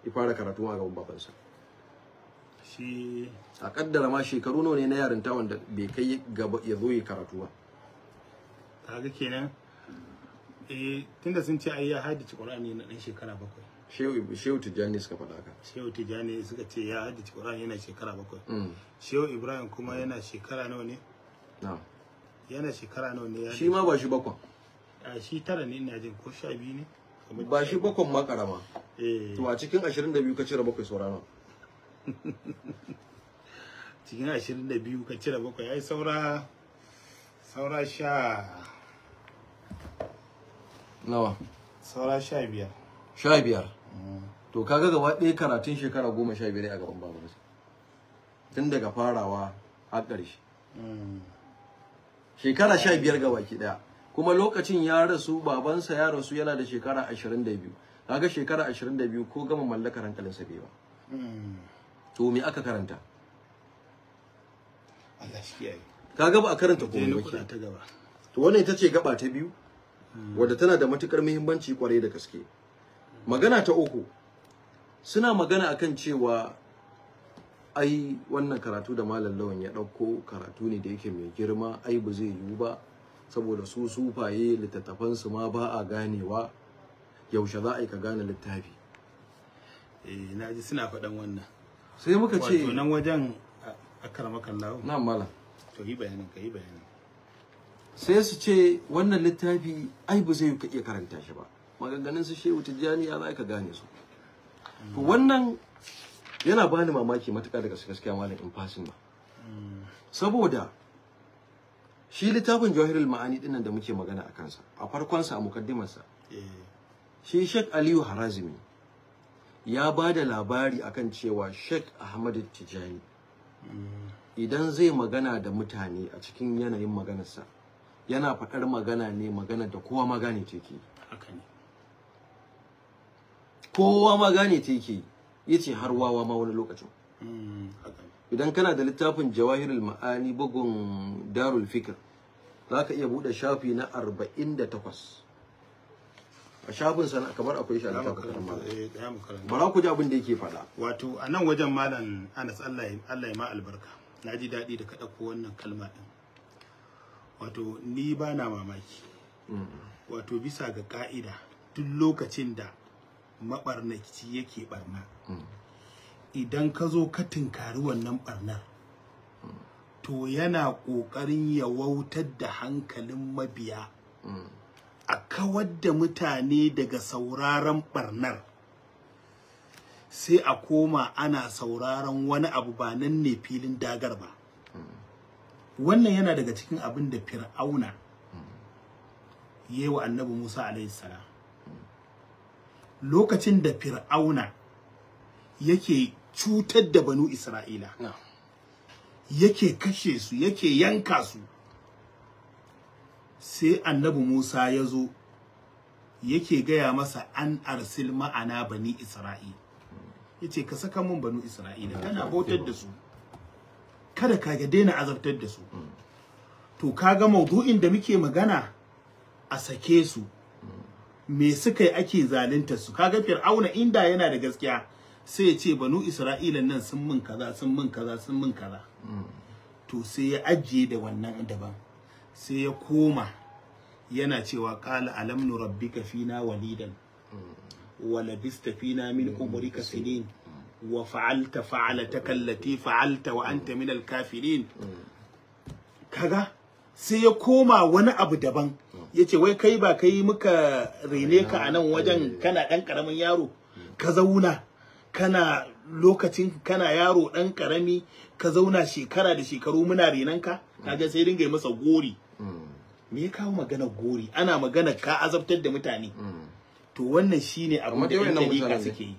ya fara karatu a gaban babansa shi a kaddara ma shekaru nawa ne na yarinta wanda bai kai gaba ya zo yi karatu ba kaga kenan eh tunda sun ce ai ya haddace Qur'ani na dan shekara bakwai Shehu Shehu Tijani suka faɗa haka Shehu Tijani suka ce ya hadici Qur'ani yana shekara bakwai mm. Shehu Ibrahim kuma yana shekara nawa ne na'am yana shekara nawa ne shi ma ba shi bakwai a shi tara ne ina jin ko sha biyu ne ba shi bakwan ma karama eh. to a cikin 22 ka cire bakwai saurana *laughs* cikin 22 ka cire bakwai ai saura saura sha nawa saura sha biyar sha biyar to kaga gaba ɗaya karatun shekara goma sha biyar a gaban babu tun daga farawa har ƙarshe shekara sha biyar gaba ki ɗaya kuma lokacin ya rasu babansa ya rasu yana da shekara ashirin da biyu kaga shekara ashirin da biyu ko gama mallakar hankalinsa bai ba to me aka karanta kaga ba a karanta ta ba to wannan ita ce gaba ta biyu wadda tana da matukar muhimmanci kwarai da gaske magana ta uku suna magana akan cewa ai wannan karatu da malam lawan ya ɗauko karatu ne da yake mai girma ai ba zai yiwu ba saboda su sufaye su ma ba a ganewa yaushe za a yi ka gane littafi eh na ji suna faɗan wannan sai muka ce nan wajen a karamakan lawo na malam to yi bayanin ka yi bayanin sai su ce wannan littafi ai ba zai iya karanta shi ba maganganun su shehu tijjani ya za ka gane su to wannan yana bani mamaki matuƙa daga su gaskiya malam in fasin ba saboda shi littafin jawahirul ma'ani dinnan da muke magana a kansa a farkon sa a mukaddimarsa eh. shi Shek Aliyu Harazimi ya ba da labari akan cewa Shek Ahmad Tijjani. Mm. idan zai magana da mutane a cikin yanayin maganarsa yana faɗar magana ne magana da kowa magane ta ke kowa magane ce ke yace har wawa ma wani lokacin mm, idan kana da littafin jawahirul ma'ani bugun darul fikr zaka iya bude shafi na 48 a shafin sana kamar akwai shi a littafin eh, bara ku ji abin da yake faɗa wato a nan wajen malam Anas Allah ya Allah ma albarka Na ji daɗi da ka ɗauko wannan kalma ɗin. wato ni ba na mamaki wato bisa ga ka'ida duk lokacin da maɓarnaci yake ɓarna mm. idan ka zo ka tinkari wannan ɓarnar mm. to yana ƙoƙarin ya wautar da hankalin mabiya mm. a kawar da mutane daga sauraron ɓarnar sai a koma ana sauraron wani abu ba nan ne filin dagar ba wannan yana daga cikin abin da fir'auna yi wa annabi musa alayhi salam lokacin da fir'auna yake cutar da banu isra'ila yake kashe su yake yanka su sai annabi musa ya zo yake gaya masa an arsil ma'ana bani isra'ila yace ka saka min banu isra'ila kana bautar da su kada ka ga daina azabtar da su to kaga maudu'in da muke magana a sake su me suka yi ake zalunta su kaga fir'auna inda yana da gaskiya sai ya ce banu isra'ila nan sun min kaza sun min kaza sun min kaza to sai ya ajiye da wannan daban sai ya koma yana cewa qala alam nurabbika fina walidan wa labista fina min umrika sinin wa fa'alta fa'alata kallati fa'alta wa anta minal kafirin kaga sai ya koma wani abu daban yace wai kai ba kai muka rene ka a nan wajen kana ɗan karamin yaro ka zauna kana lokacin kana yaro dan karami ka zauna shekara da shekaru muna renanka kaga sai dinga masa gori me ya kawo magana gori ana magana ka azabtar da mutane mm. to wannan shine abin da yan suke yi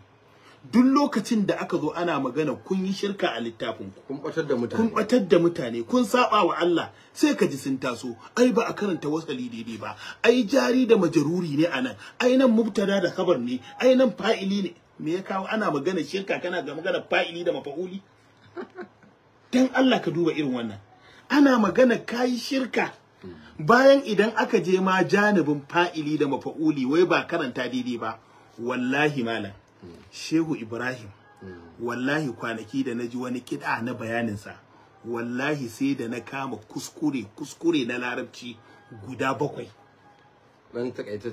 duk lokacin da aka zo ana magana kun yi shirka a littafin kun batar da mutane kun batar da mutane kun saba wa Allah sai ka ji sun taso ai ba a karanta wasali daidai ba ai jari da majaruri ne anan ai nan mubtada da khabar ne ai nan fa'ili ne me ya kawo ana magana shirka kana ga magana fa'ili da mafa'uli *laughs* dan Allah ka duba irin wannan ana magana kai shirka bayan idan aka je ma janibin fa'ili da mafa'uli wai ba karanta daidai ba wallahi malam shehu ibrahim wallahi kwanaki da na ji wani kiɗa na bayanin sa, wallahi sai da na kama kuskure kuskure na larabci guda bakwai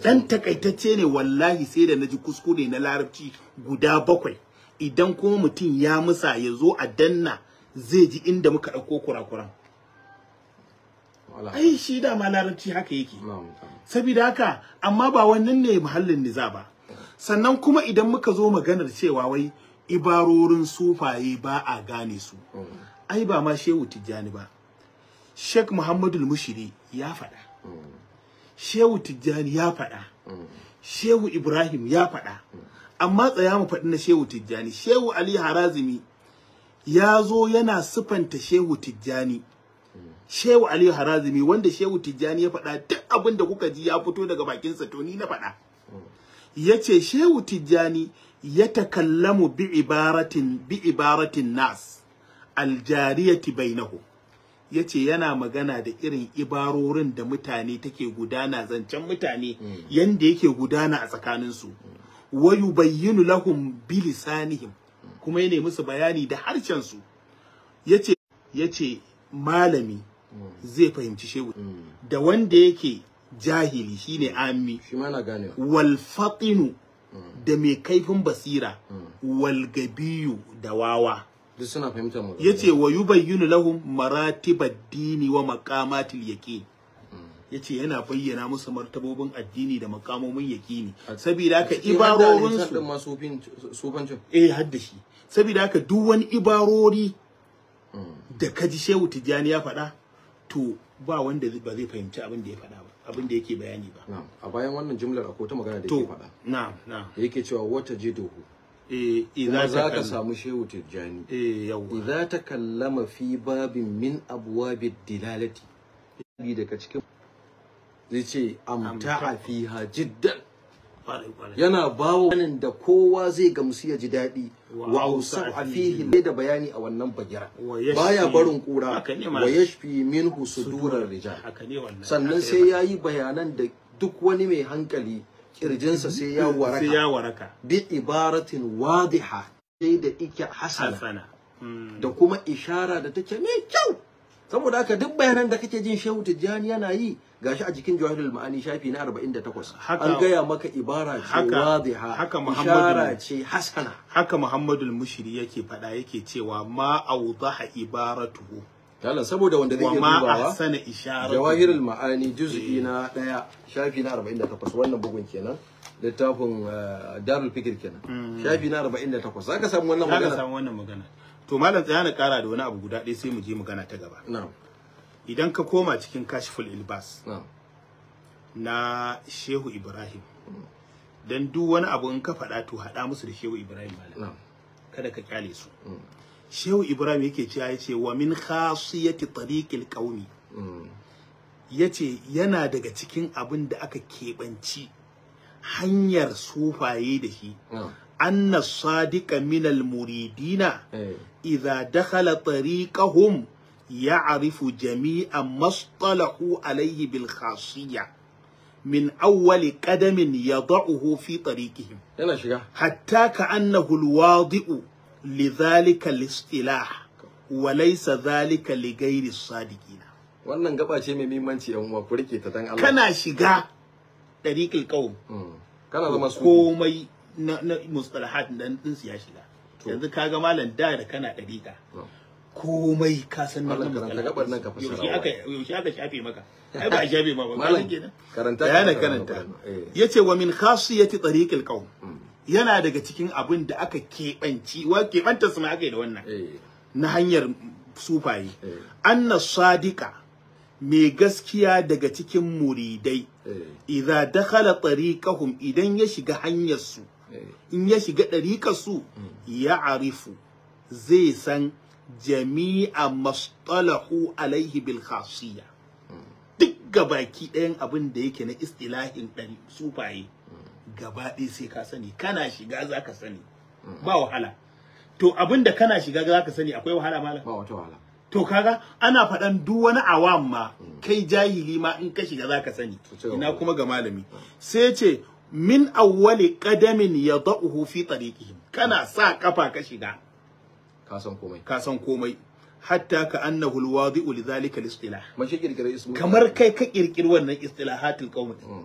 dan takaitacce ne wallahi sai da naji kuskure na larabci guda bakwai idan kuma mutum ya musa ya zo a danna zai ji inda muka ɗauko kurakuran ai shi ma larabci haka yake sabida haka amma ba wannan ne muhallin niza ba sannan kuma idan muka zo maganar cewa wai ibarorin sufaye ba a gane su mm. ai ba ma shehu tijjani ba sheikh muhammadul mushiri ya faɗa mm. shehu tijjani ya faɗa mm. shehu ibrahim ya faɗa amma tsaya mu faɗi na shehu tijjani shehu ali harazimi ya zo yana sifanta shehu tijjani shehu ali harazimi wanda shehu tijjani ya faɗa duk abin da kuka ji ya fito daga bakinsa to ni na faɗa yace shehu tijjani ya takallamu bi ibaratin bi ibaratin nas aljariyati bainahu yace yana magana da irin ibarorin da mutane take gudana zancen mutane mm. yanda yake gudana a tsakaninsu mm. wa yubayyinu lahum bilisanihim mm. kuma yana musu bayani da harshen su yace malami zai fahimci shehu da wanda yake jahili shine ammi shi ma na gane wal faqinu mm. da mai kaifin basira mm. wal gabiyu da wawa duk suna fahimtar mu yace wa yubayyinu lahum maratibad dini wa maqamatil yaqin mm. yace yana bayyana musu martabobin addini da makamomin yakini saboda haka ibarorin su eh hadda shi saboda haka duk wani ibarori da kaji Shehu tijani ya faɗa to ba wanda ba zai fahimci abin da ya faɗa abin da yake bayani ba a bayan wannan jumlar akwai ta magana da yake faɗa na'am na'am yake cewa wata jiduhu eh idza za ka samu shehu tijjani eh yawa idza takallama fi babin min abwabid dilalati bi daga cikin zai ce amta'a fiha jiddan yana bawo da kowa zai gamsu ya ji daɗi wa awsa fihi da bayani a wannan bagira baya barin kura wa yashfi minhu sudurar rijal sannan sai yayi bayanan da duk wani mai hankali kirjinsa sai ya waraka sai ya waraka bi ibaratin wadiha sai da ike hasana hmm. da kuma ishara da take mai kyau saboda haka duk bayanan da kake jin Shehu Tijjani yana yi gashi a jikin Jawahirul Ma'ani shafi na 48 an gaya maka ibara ce wadiha haka Muhammadu ce hasana haka Muhammadu Mushiri yake faɗa yake cewa ma awdaha ibaratuhu Tala saboda wanda zai iya dubawa Jawahirul Ma'ani juz'i eh. na 1 shafi na 48 wannan bugun kenan littafin eh, Darul Fikir kenan hmm. shafi na 48 zaka samu wannan magana zaka samu wannan magana to malam tsaya na kara da wani abu guda ɗaya sai mu je magana ta gaba idan ka koma cikin kashful ilbas na shehu ibrahim dan duk wani abu in ka faɗa to haɗa musu da shehu ibrahim malam kada ka kyale su mm. shehu ibrahim yake cewa yace wa min khasiyati tariqil mm. Ya ce yana daga cikin abin da aka keɓanci hanyar sufaye da shi anna sadiqa minal muridina eh. idza dakhala tariqahum ya'rifu jami'a mastalahu alayhi bil khasiyya min awwali qadamin yad'uhu fi tariqihim yana shiga hatta ka'annahu alwadi'u lidhalika alistilah wa laysa wannan gaba ce mai muhimmanci yan uwa ku rike ta dan Allah kana shiga tariqil qaum hmm. kana zama komai na na mustalahat dan din ya shiga yanzu kaga malam da da kana dariƙa komai ka san nan karanta gabar nan ka yaushe aka yaushe aka shafe maka ai ba shafe ma ba malam kenan karanta yana karanta eh. yace wa min khasiyati tariqil qawm mm. yana daga cikin abin da aka kebanci wa kebantar su ma aka yi da wannan eh. na hanyar sufaye eh. anna sadiqa mai gaskiya daga cikin muridai idza dakhala tariqahum idan ya shiga hanyar su in ya shiga ɗarikar su ya arifu zai san jami'a mastalahu alaihi bil khasiya duk gabaki ɗayan abin da yake na istilahin ɗari sufaye gaba ɗaya sai ka sani kana shiga za ka sani ba wahala to abin da kana shiga za ka sani akwai wahala malam ba wata wahala to kaga ana faɗan duk wani awam ma mm. kai jahili ma in ka shiga za ka sani ina kuma ga malami sai ce min awwali qadamin yad'uhu fi tariqihim kana sa kafa ka shiga ka san komai ka san komai hatta ka annahu alwadi'u lidhalika alistilah man shi kirkire ismu kamar kai ka kirkir wannan istilahatul qawm mm.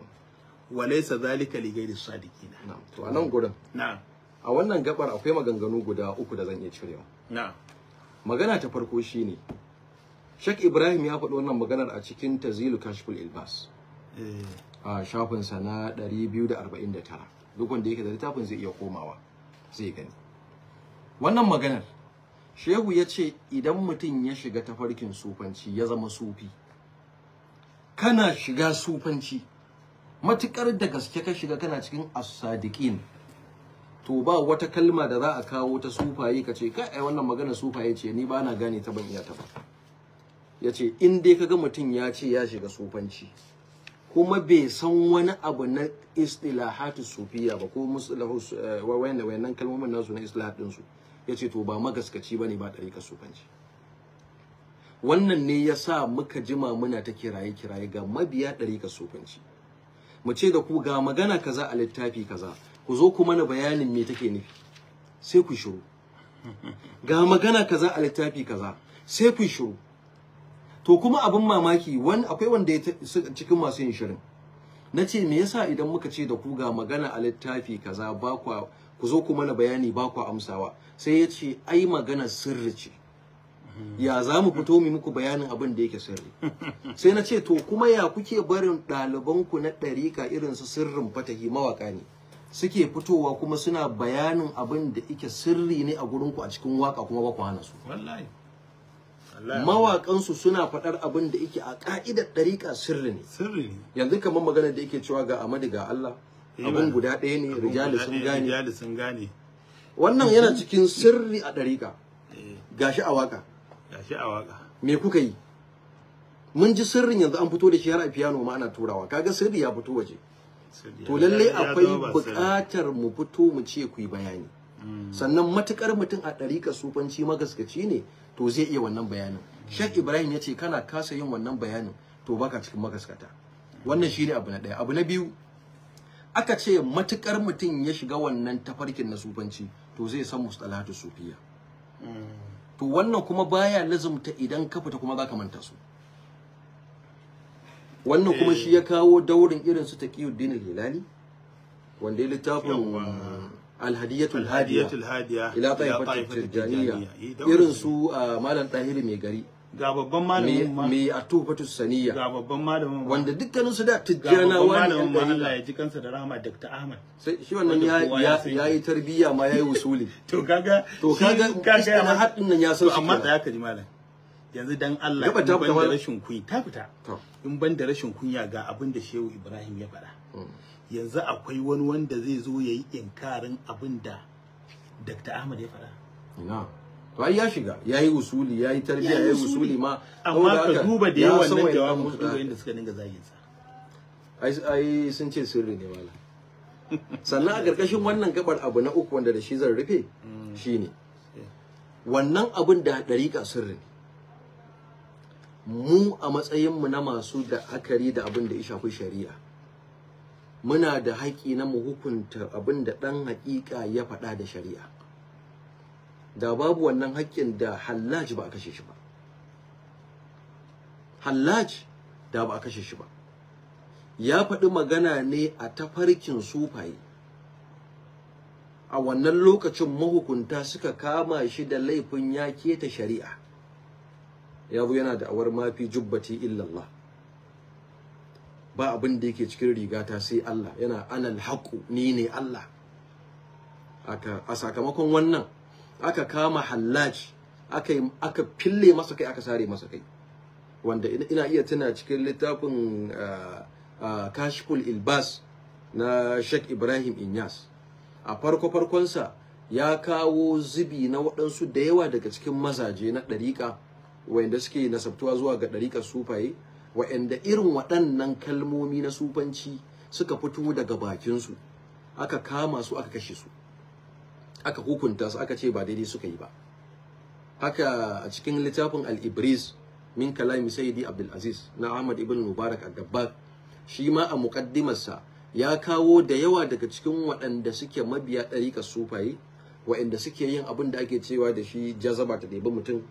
wa laysa dhalika li ghairi sadiqina to anan gurin na'am a wannan gabar akwai maganganu guda uku da zan iya cirewa na'am magana ta farko shine Sheikh Ibrahim ya faɗi wannan maganar a cikin Tazilu Kashful Ilbas eh a shafinsa na 249 duk wanda yake da littafin zai iya komawa zai gani wannan maganar shehu ya ce idan mutum ya shiga tafarkin sufanci ya zama sufi kana shiga sufanci matukar da gaske ka shiga kana cikin as-sadiqin to ba wata kalma da za a kawo ta sufaye ka ce kai wannan magana sufaye ce ni ba na gane ta ban iya ta ba yace in dai ka ga mutum ya ce ya shiga sufanci kuma bai san wani abu na istilahatu sufiya ba ko eh, wa wayannan wayannan kalmomin nasu na istilahat din su yace to ba magaskaci bane ba dariƙa sufanci wannan ne yasa muka jima muna ta kiraye kiraye ga mabiya dariƙa sufanci mu ce da ku ga magana kaza a littafi kaza ku zo ku mana bayanin me take nufi sai ku shiru ga magana kaza a littafi kaza sai ku shiru to kuma abin mamaki wani akwai wanda ya cikin masu yin shirin na ce me yasa idan muka ce da ku ga magana a littafi kaza ba kwa ku zo ku mana bayani ba kwa amsawa sai ya ce ai magana sirri ce ya za mu fito mu muku bayanin abin da yake sirri *laughs* sai na ce to kuma ya kuke barin ɗalibanku na ɗarika irin su sirrin fatahi mawaka ne suke fitowa kuma suna bayanin abin da yake sirri ne a gurinku a cikin waka kuma ba ku hana su wallahi mawaƙansu suna faɗar abin da yake a ƙa'idar ɗariƙa sirri ne sirri ne yanzu kamar magana da yake cewa ga amadi ga Allah eh, abin guda ɗaya ne rijali sun gane rijali sun gane wannan yana cikin sirri a ɗariƙa eh. gashi a waka gashi a waka me kuka yi mun ji sirrin yanzu an fito da shi har a piano ma ana turawa kaga sirri ya fito waje to lallai akwai buƙatar mu fito mu ce ku yi bayani hmm. sannan matukar mutum a ɗariƙa sufanci magaskaci ne to zai iya wannan bayanin Sheikh Ibrahim ya ce kana kasa yin wannan bayanin to baka cikin magaskata wannan shine abu na daya abu na biyu aka ce matukar mutum ya shiga wannan tafarkin na sufanci to zai san mustalahatu sufiya hmm. to wannan kuma baya lazumta idan ka fita kuma zaka manta su wannan kuma shi ya eh. kawo daurin irin su taqiyuddin hilali wanda ya littafin الهدية الهادية إلى طائفة tijaniya irin su uh, malam tahiri mai gari السنية واند دكا تجانا saniya wanda dukkanin da tijjana wani ga babban Allah ya ji ya tarbiyya yanzu dan Allah in ban rashin kunya ta fita in ban rashin kunya ga abin da Shehu Ibrahim ya faɗa hmm. yanzu akwai wani wanda zai zo ya yi inkarin abin da Dr. Ahmad ya faɗa. Ina. To ai ya shiga, ya yi usuli, ya yi tarbiyya, ya yi usuli ma. Amma ka duba da yawan nan jawabin musulmi da suka dinga zagin sa. Ai sun ce sirri ne malam. Sannan a ƙarƙashin wannan gabar abu na uku wanda da shi zan rufe mm. shine wannan abin da dariƙa sirri ne. Mu a matsayinmu na masu da akari da abin da ya shafi shari'a. muna da haƙƙi na mu hukunta abin da ɗan haƙiƙa ya faɗa da shari'a da babu wannan haƙƙin da hallaj ba a kashe shi ba hallaj da ba a kashe shi ba ya faɗi magana ne a tafarkin sufaye a wannan lokacin mahukunta suka kama shi da laifin ya keta shari'a ya yana da awar mafi jubbati illallah ba abin da yake cikin rigata sai Allah yana anal haqu ni ne Allah aka a sakamakon wannan aka kama hallaji aka aka fille masa kai aka sare masa kai wanda ina iya tuna cikin littafin kashful ilbas na Sheikh Ibrahim Inyas a farko farkon sa ya kawo zubi na waɗansu da yawa daga cikin mazaje na ɗariƙa wanda suke nasabtuwa zuwa ga ɗariƙar sufaye wa'anda irin waɗannan kalmomi na sufanci suka fito daga bakinsu aka kama su aka kashe su aka hukunta su aka ce ba daidai suka yi ba haka a cikin littafin al-ibris min kalami sayyidi abdul aziz na ahmad ibn mubarak al-dabbak shi ma a muqaddimarsa ya kawo da yawa daga cikin waɗanda suke mabiya ɗarika sufaye waɗanda suke yin abin da ake cewa da shi jazaba ta ɗebi mutum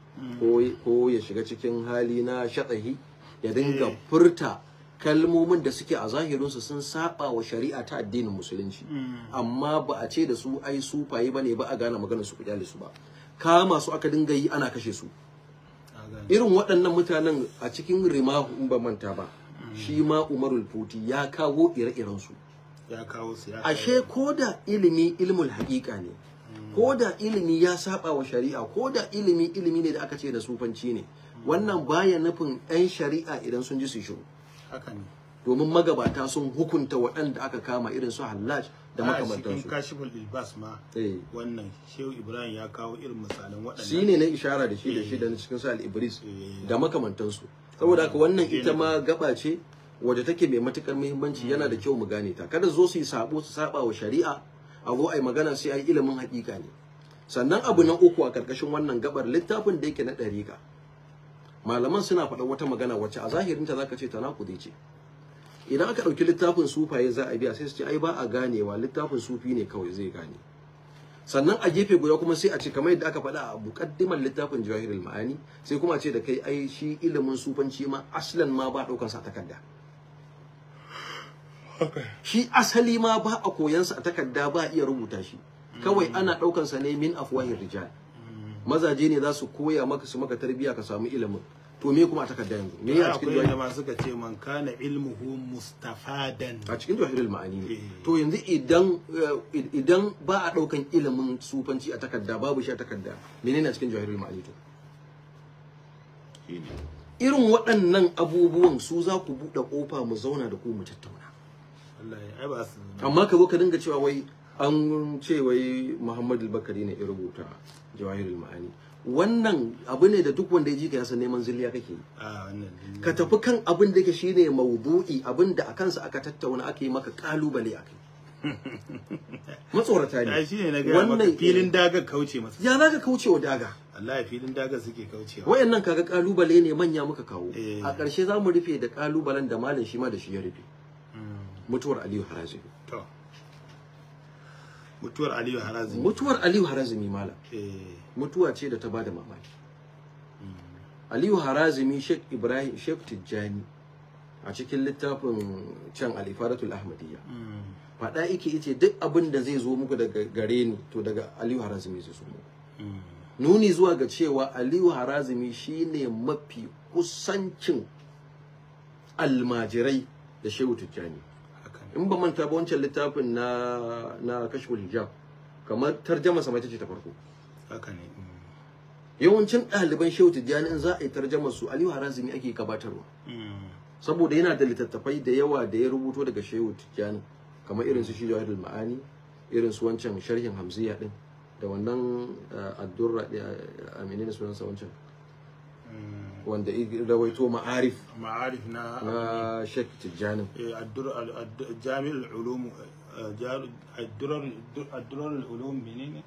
ko ya shiga cikin hali na shaɗahi ya dinga eh. furta kalmomin da suke a zahirinsu sun saba wa shari'a ta addinin musulunci hmm. amma ba a ce da su ai su sufaye ba ne ba a gane maganar su kujale su ba kama su aka dinga yi ana kashe su irin waɗannan mutanen a cikin rimahu in ba manta ba hmm. shi ma umarul futi ya kawo ire-iren su ashe ko da ilimi ilmul haƙiƙa ne hmm. ko da ilimi ya saba wa shari'a ko da ilimi ilimi ne da aka ce da sufanci ne wannan baya nufin 'yan shari'a idan sun ji su shiru ne domin magabata sun hukunta waɗanda aka kama irin su hallaj da makamantansu. A cikin kashiful ilbas ma eh. wannan Shehu Ibrahim ya kawo irin misalan waɗanda. Shi ne na ishara da shi da shi eh. da cikin sa al-Ibris eh. da makamantansu. Saboda haka wannan ita ma gaba ce wadda take mai matukar muhimmanci yana da kyau mu gane ta. Kada zo su yi sabo su saba wa shari'a a zo yi magana sai yi ilimin hakika ne. Sannan abu na uku a karkashin wannan gabar littafin da yake na ɗarika. malaman suna faɗa wata magana wacce a zahirinta zaka ce tanakudi ce idan aka ɗauki littafin sufaye za a biya sai su ce ai ba a ganewa littafin sufi ne kawai zai gane sannan a gefe guda kuma sai a ce kamar yadda aka faɗa a muqaddimar littafin jawahirul ma'ani sai kuma a ce da kai ai shi ilimin sufanci ma aslan ma ba ɗaukan sa takarda shi asali ma ba a koyan a takarda ba iya rubuta shi kawai ana ɗaukansa ne min afwahir rijal mazaje ne za su koya maka su maka tarbiya ka samu ilimin to me kuma a takarda yanzu me ya cikin jawahir ma suka ce man kana ilmuhu mustafadan a cikin jawahirul ma'ani ne eh. to yanzu idan eh, idan ba a daukan ilimin sufanci a takarda babu shi a takarda menene a cikin jawahirul ma'ani to irin waɗannan abubuwan su za ku buɗe ƙofa mu zauna da ku mu tattauna amma ka zo ka dinga cewa wai an ce wai muhammadu bakari ne ya rubuta jawahirul ma'ani wannan abu ne da duk wanda ya ji ka yasa neman zilliya kake ka tafi kan abin da ke shine maudu'i abin da a kansa aka tattauna aka yi maka kalubale kai *laughs* matsorata ne shi ne na ga wannan eh, filin daga kauce masa ya daga kauce wa daga Allah ya filin daga suke kaucewa wayannan kaga kalubale ne manya muka kawo eh. a ƙarshe zamu rufe da kalubalen da malam shi ma da shi ya rufe hmm. mutuwar Aliyu Harajiri to mutuwar aliyu harazimi mutuwar aliyu harazumi malam eh. mutuwa ce da ta ba da mamaki hmm. aliyu harazimi sheikh ibrahim sheikh tijjani a cikin littafin can alifaratul ahmadiyya hmm. faɗa yake ce duk abin da zai zo muku daga gare ni to daga aliyu harazimi zai zo muku hmm. nuni zuwa ga cewa aliyu shi shine mafi kusancin almajirai da shehu tijjani in ba manta ba wancan littafin na na kashful hijab kamar tarjama sa ce ta farko haka ne mm. yawancin ɗaliban shehu tijjani in za a yi tarjamar su aliyu harazimi ake gabatarwa mm. saboda yana da littattafai da yawa da ya rubuto daga shehu tijjani kamar irin su shijawar ma'ani irin su wancan sharhin hamziya din da wannan eh, addurra eh, aminin sa wancan wanda rawaito ma'arif ma'arif na na Sheikh Tijjani eh, Jami'ul Ulum eh, Addurar Ulum menene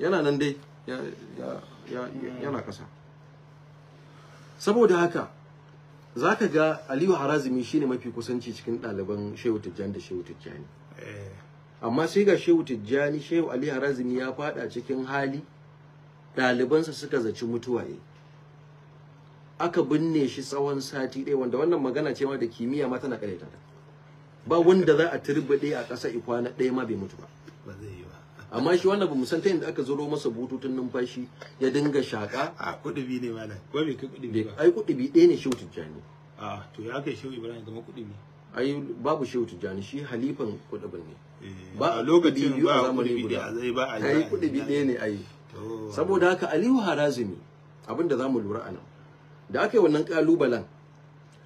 yana nan dai yana kasa saboda haka za ka ga Aliyu Harazimi shine mafi kusanci cikin ɗaliban Shehu Tijjani da Shehu Tijjani eh. amma sai ga Shehu Tijjani Shehu Ali Harazimi ya fada cikin hali ɗalibansa suka zaci mutuwa mutuwaye aka binne shi tsawon sati ɗaya wanda wannan magana ce ma da kimiyya ma tana kare ta ba wanda za a turbaɗe a ƙasa ikwana ɗaya ma bai mutu ba amma shi wannan bamu san ta yadda aka zuro masa bututun numfashi ya dinga shaka a kudubi ne malam ko bai kai kudubi ba ai kudubi ɗaya ne shehu tijjani a to ya kai shehu ibrahim zama kudubi ai babu shehu tijjani shi halifan kudubin ne eh, ba a lokacin ba kudubi da zai ba a ai kudubi ɗaya ne ai saboda haka aliyu harazimi abinda zamu lura anan da aka yi wannan kalubalen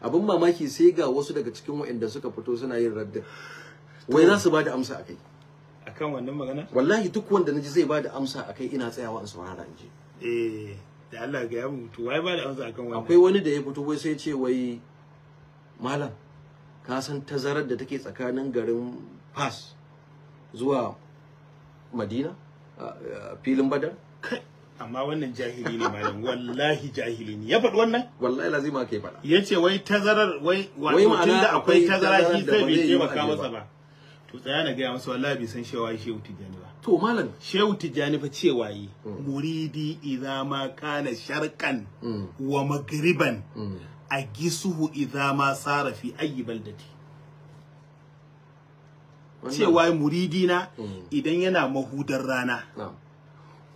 abin mamaki sai ga wasu daga cikin waɗanda suka fito suna yin raddin wai za su ba da amsa akai akan wannan magana wallahi duk wanda naji zai ba da amsa akai ina tsayawa in saurara in ji eh da Allah ga ya mutu wai ba da amsa akan wannan akwai wani da ya fito wai sai ce wai malam ka san tazarar da take tsakanin garin Fas zuwa Madina filin Badar amma wannan jahili ne malam wallahi jahili ne ya faɗi wannan wallahi lazima kai faɗa yace wai tazarar wai mutum da akwai tazara shi sai bai maka masa ba to tsaya na gaya masa wallahi bai san shewa shehu jani ba to malam shehu jani fa ce waye hmm. muridi idza ma kana sharqan hmm. wa magriban hmm. gisuhu idza ma sara fi ayi baldati cewa muridina idan yana mahudar rana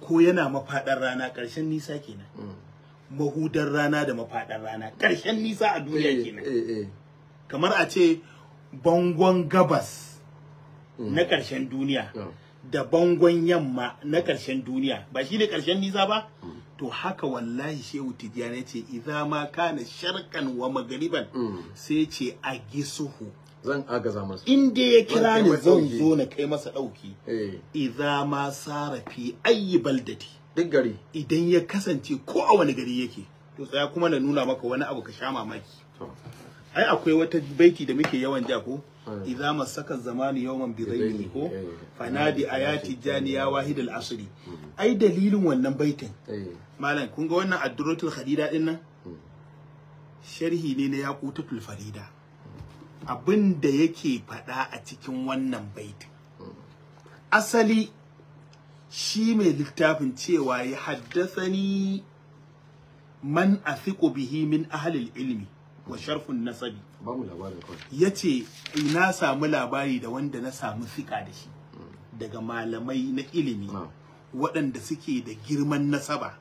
ko yana mafaɗar rana ƙarshen nisa kenan mm. mahudar rana da mafaɗar rana ƙarshen nisa a duniya eh, kenan eh, eh. kamar a ce bangon gabas mm. na ƙarshen duniya da bangon yamma na ƙarshen duniya ba shi ne ƙarshen nisa ba mm. to haka wallahi shehu tijjani ce idan ma kana sharkan wa magariban, sai ce a gisuhu zan agaza masa in dai ya kira ni zan zo na kai masa dauki eh. idza ma sarafi ayi baldati duk gari idan ya kasance ko a wani gari yake to tsaya kuma na nuna maka wani abu ka sha mamaki ai akwai wata baiti da muke yawan ja ko eh. idza saka zamani yawman bi dhayli ko eh. fanadi ayati janiya wahid al asri mm. ai dalilin wannan baitin malam kun ga wannan adduratul khadida din mm. sharhi ne na yaqutul farida abin da yake faɗa a cikin wannan baitin asali shi mai littafin cewa ya haddasani man fiƙo bihi min ahalil ilmi wa sharfin nasabi ya ce na samu labari da wanda na samu fiƙa da shi daga malamai na ilimi waɗanda suke da girman nasaba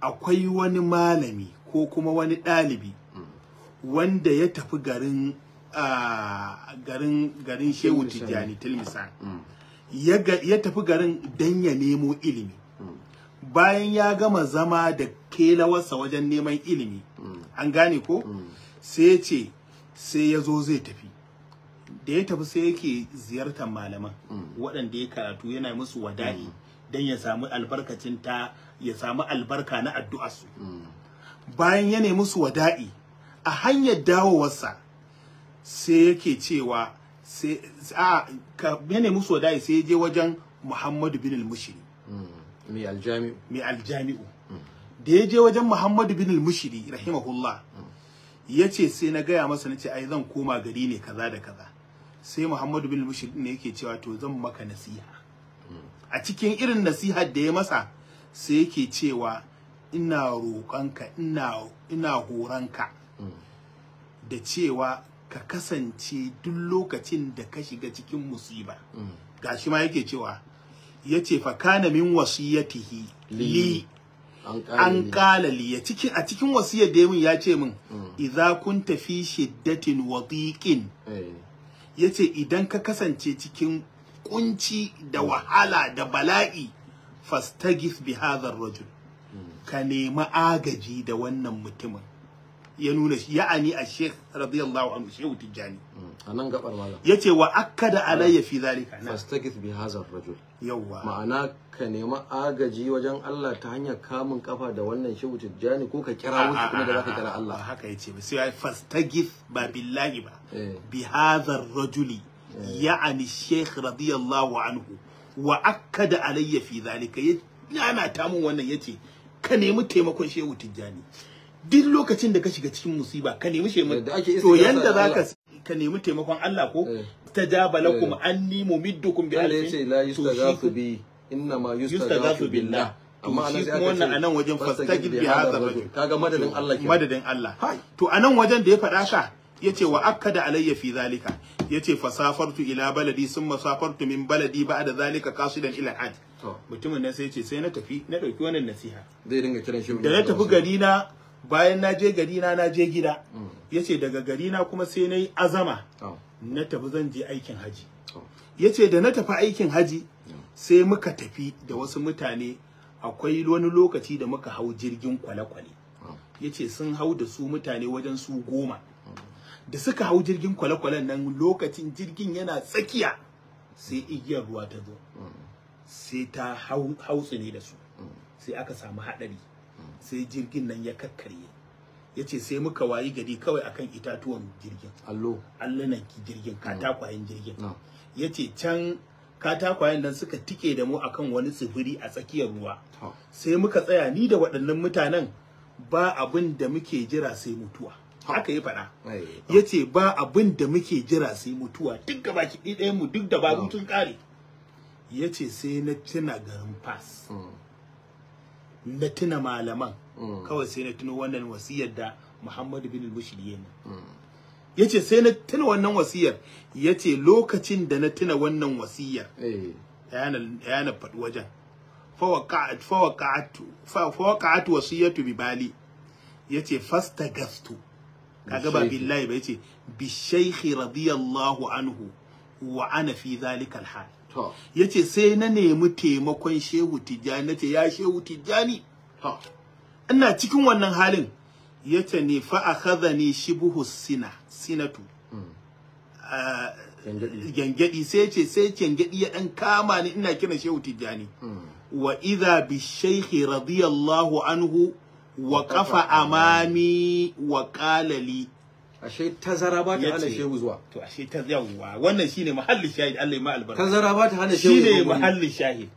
akwai wani malami ko kuma wani ɗalibi mm. wanda ya tafi garin garin shehu tijjani tilmisa mm. ya tafi garin don ya nemo ilimi mm. bayan ya gama zama da kelawarsa wajen neman ilimi mm. an gane ko sai ya ce sai ya zo zai tafi da ya tafi sai yake ziyartar malaman waɗanda ya karatu yana musu wada'i don ya samu albarkacin ta ya samu albarka na addu'arsu bayan ya nemi su wada'i a hanyar dawowarsa sai yake cewa sai a ka mene musu dai sai je wajen Muhammadu bin al-Mushiri mm. mai aljami'u mai aljami'u da yaje wajen Muhammadu bin al-Mushiri rahimahullah yace sai na gaya masa na ce ai zan koma gari ne kaza da kaza sai Muhammadu bin al-Mushiri ne yake cewa to zan maka nasiha a cikin irin nasihar da ya masa sai yake cewa ina roƙonka ina ina horonka mm. da cewa ka kasance duk lokacin da ka shiga cikin musiba mm. gashi ma yake cewa yace fa fakana min wasiyatihi li an kala li ya cikin a cikin wasiyar da yamin ya ce min mm. idza kunta fi shiddatin wa eh. Ya yace idan ka kasance cikin kunci da mm. wahala da bala'i fastagif bi hadha rajul ka nemi agaji da wannan mutumin ya nuna shi ya'ani a sheikh radiyallahu anhu shehu tijjani mm, nan gabar malam ce wa da ah. alayya fi zalika fastagith bi hadha rajul yawwa ma'ana ka nemi agaji wajen Allah ta hanyar kamun kafa da wannan shehu tijjani ko ka kira ah, wuce ah, kuma da zaka kira Allah haka yace sai ya fastagith ba billahi ba eh. bi hadha ar-rajuli eh. ya'ani shekh radiyallahu anhu wa da alayya fi zalika ya ta mun wannan yace ka nemi taimakon shehu tijjani duk lokacin da ka shiga cikin musiba ka nemi shemu to yanda zaka ka nemi taimakon Allah ko eh. tajaba lakum eh. anni mumiddukum bi alfin la yustaghafu bi inna ma yustaghafu billah amma anan sai wannan anan wajen fastagil bi hada rajul kaga madadin Allah ke madadin Allah to anan wajen da ya faɗa ka yace wa akkada alayya fi zalika yace safartu ila baladi summa safartu min baladi ba'da zalika qasidan ila hajj mutumin nan sai yace sai na tafi na dauki wannan nasiha zai dinga kiran shi da na tafi gari na bayan na je gari na na je gida mm. yace daga garina kuma sai na yi azama oh. na tafi zan je aikin haji oh. yace da na tafi aikin haji sai muka tafi da wasu mutane akwai wani lokaci da muka hau jirgin kwale-kwale oh. yace sun hau da su mutane wajen su goma da suka hau jirgin kwale-kwalen nan lokacin jirgin yana tsakiya sai igiyar ruwa ta zo mm. sai ta hau ne da su mm. sai aka samu haɗari sai jirgin nan ya kakkarye ya ce sai muka wayi gari kawai akan itatuwan jirgin allo allanan jirgin mm. katakwayen jirgin mm. ya ce can katakwayen nan suka tike da mu akan wani tsibiri a tsakiyar ruwa sai muka tsaya ni da waɗannan mutanen ba abin da muke jira sai mutuwa haka ya faɗa ya ce ba abin da muke jira sai mutuwa duk gaba ki ɗayan mu duk da ba tun ƙare ya ce sai na tuna garin fas mm. na tuna malaman mm. kawai sai na tuno wannan wasiyar da Muhammadu bin al Bushir yana mm. yace sai na tuna wannan wasiyar yace lokacin da na tuna wannan wasiyar eh. yana yana faɗi wajen fawaqa'at fa waqa'at wasiyatu bi bali yace fastagastu kaga ba billahi ba yace bi shaykhi radiyallahu anhu wa ana fi dhalika al-hal yace sai na nemi taimakon Shehu Tijjani nace ya Shehu Tijjani ina cikin wannan halin yace ne fa akhadhani shibhu sina sinatu hmm. ah, gangadi sai yace sai gangadi ya dan kama ni ina kiran Shehu Tijjani hmm. wa idha bi radiyallahu anhu wa kafa amami wa qala ashe tazara ba ta hana shehu zuwa to ashe ta yawa wannan shine mahallin shahid Allah ya ma albarka tazara ba ta hana shehu shine mahallin shahid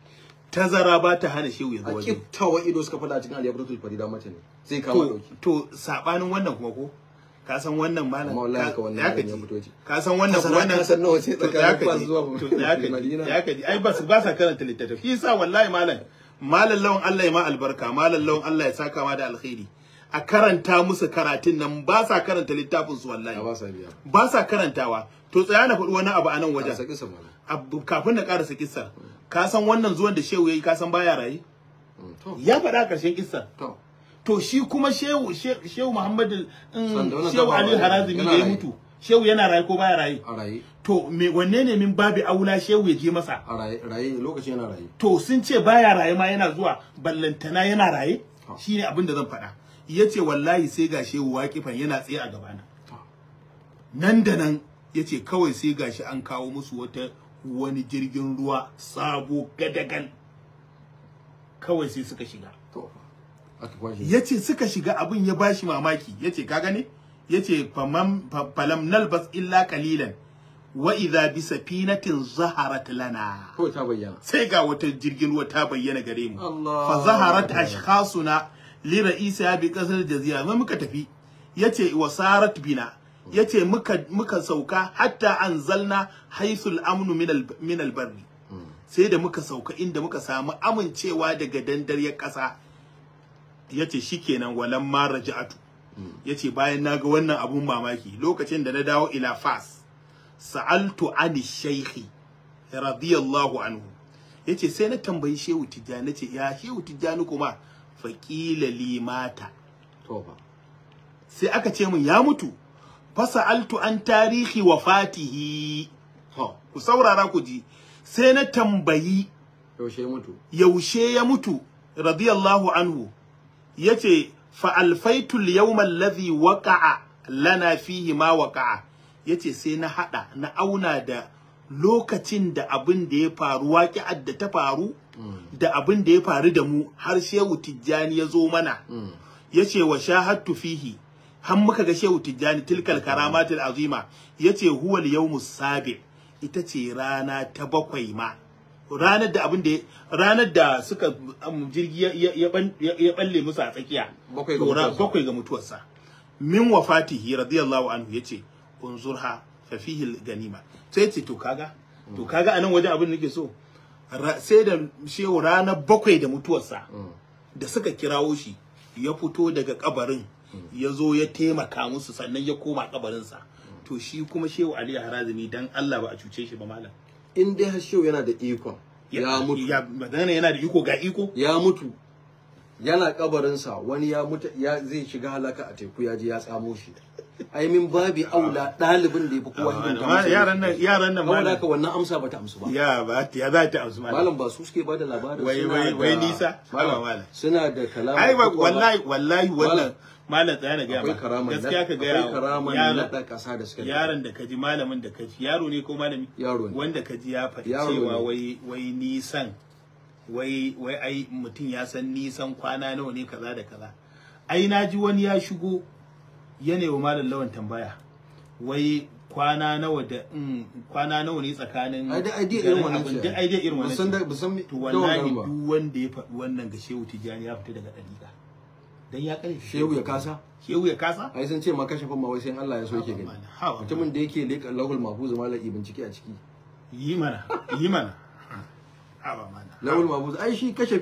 tazara ba ta hana shehu ya zo waje wa ido suka fada cikin al farida mata ne sai kama dauki to sabanin wannan kuma ko ka san wannan malam wallahi ka wannan ya fito ka san wannan wannan san nawa sai tsakanin ba zuwa to ya kaji *laughs* ai ba su ba sa karanta littafi yasa wallahi malam malam Allah ya ma albarka malam lawan Allah ya saka ma da alkhairi a karanta musu karatun nan ba sa karanta littafin su wallahi ba sa karantawa to tsaya na faɗi wani abu a nan wajen kafin na karasa kissar ka san wannan zuwan da shehu yayi ka san baya rayi mm, ya faɗa karshen kissar to shi kuma shehu shehu Muhammad mm, shehu Ali Harazimi da ya mutu shehu yana rayi ko baya rayi to me wanne ne min babi aula shehu ya je masa rayi lokaci yana rayi to sun ce baya rayi ma yana zuwa ballantana yana rayi shine abin da zan faɗa yace wallahi sai gashi kifan yana tsaye a gabana nan da nan yace kawai sai gashi an kawo musu wata wani jirgin ruwa sabo gadagan kawai sai suka shiga yace suka shiga abin ya bashi mamaki yace ka gane yace falam nalbas illa qalilan wa idha bi safinatin zaharat lana sai ga wata jirgin ruwa ta bayyana gare mu fa zaharat ashkhasuna lira ya bi kasar jazira mai muka tafi yace wasarat bina yace muka muka sauka hatta an anzalna haisul amnu min albarni barri sai da muka sauka inda muka samu amincewa daga dandar ya kasa yace kenan walan ma raja'atu yace bayan na ga wannan abun mamaki lokacin da na dawo ila fas sa'altu ani shaihi radiyallahu anhu yace sai na tambayi shehu tijjani ce ya shehu tijjani kuma faƙila limata sai aka ce min ya mutu fasa'altu an tarihi wa fatihi ku saurara ku ji sai na tambayi yaushe ya mutu radiyallahu anhu yace fa alfaitu al-yawma alladhi waqa'a lana fihi ma waqa'a yace sai na haɗa na auna da lokacin da abin da ya faru waƙi'ar da ta faru da abin da ya faru da mu har shehu tijjani ya zo mana mm. ya ce wa hattu fihi har muka ga shehu tijjani tilkal karamatul azima ya ce huwal yawmu sabi ita ce rana ta bakwai ma ranar da abin da ranar da suka um, jirgi ya balle musu a tsakiya bakwai ga mutuwarsa min wafatihi radiyallahu anhu yace unzurha fa fihi ganima sai ce to kaga to kaga anan wajen abin da nake so sai da shehu ranar bakwai da mutuwarsa mm. da suka kirawo shi ya fito daga kabarin mm. ya zo ya taimaka musu sannan ya koma kabarinsa mm. to shi kuma shehu ali harazimi dan Allah ba a cuce shi ba malam in dai har shehu yana da iko ya mutu ya magana yana da iko ga iko ya mutu yana kabarinsa wani ya mutu ya zai shiga halaka a teku ya ji ya tsamo shi ai min babi aula ɗalibin da ya fi kowa yaran nan yaran nan malam haka wannan amsa ba ta amsu ba ya ba ya za ta amsu malam malam ba su suke ba da labarin wai wai wai nisa malam malam suna da kalama ai wallahi wallahi wannan malam tsaya na ga ba gaskiya ka ga yaron da kasa da suka yaron da kaji malamin da kaji yaro ne ko malami yaro ne wanda kaji ya fadi cewa wai wai nisan wai wai ai mutum ya san nisan kwana nawa ne kaza da kaza ai naji wani ya shigo yana wa malam lawan tambaya wai kwana nawa da mm, kwana nawa ne tsakanin ai dai irin wannan da ai irin wannan san da san to wallahi duk wanda ya faɗi wannan ga Shehu Tijani ya fita daga dariƙa dan ya kare Shehu ya kasa Shehu ya kasa ai san ce ma kashe fa wai sai Allah ya so yake gani mutumin da yake leka lahul mahfuz malam ibn ciki a ciki yi mana yi mana lahul mahfuz ai shi kashe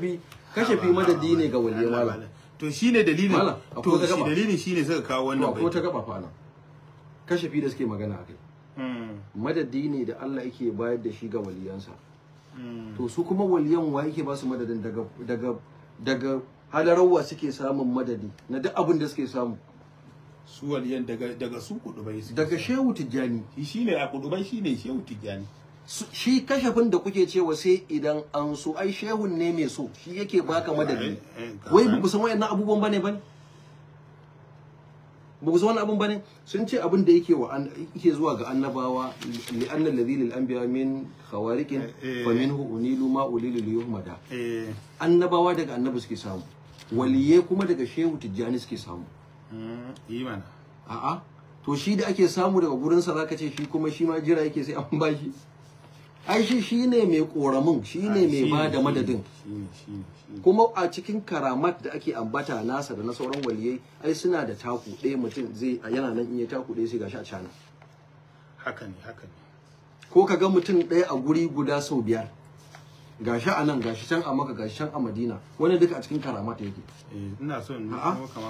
fi madadi ne ga waliyyi malam to shine dalilin to shi dalilin shine suka kawo wannan bai ko ta gaba fa nan fi da suke magana akai hmm. madadi ne da Allah yake bayar da shi ga waliyansa hmm. to su kuma waliyan wa yake ba su madadin daga daga daga halarawa suke samun madadi na duk abin da suke samu su waliyan daga daga su kudubai daga shehu tijjani shi shine a kudubai shine shehu tijjani shi kashafin da kuke cewa sai idan an so ai shehun ne mai so shi yake baka madadi wai ba ku san wayannan abubuwan bane bane ba ku san wannan abun bane sun ce abin da yake wa yake zuwa ga annabawa li anna alladhi lil anbiya min khawarikin eh, eh. fa minhu unilu ma ulilu yuhmada eh. annabawa daga annabi suke samu waliye kuma daga shehu tijjani suke samu hmm, iman a'a to shi da ake samu daga gurin sa zaka ce shi kuma shi ma jira yake sai an bashi ai shi shine mai koramin shine ah, mai ba da madadin kuma a cikin karamat da ake ambata nasa da na sauran waliyai ai suna da taku ɗaya mutum zai yana nan in ya taku ɗaya sai gashi a cana haka ne haka ne ko ka ga mutum ɗaya a guri guda sau biyar gashi a nan gashi can a maka gashi can a madina wani duka a cikin karamat yake eh, ina so in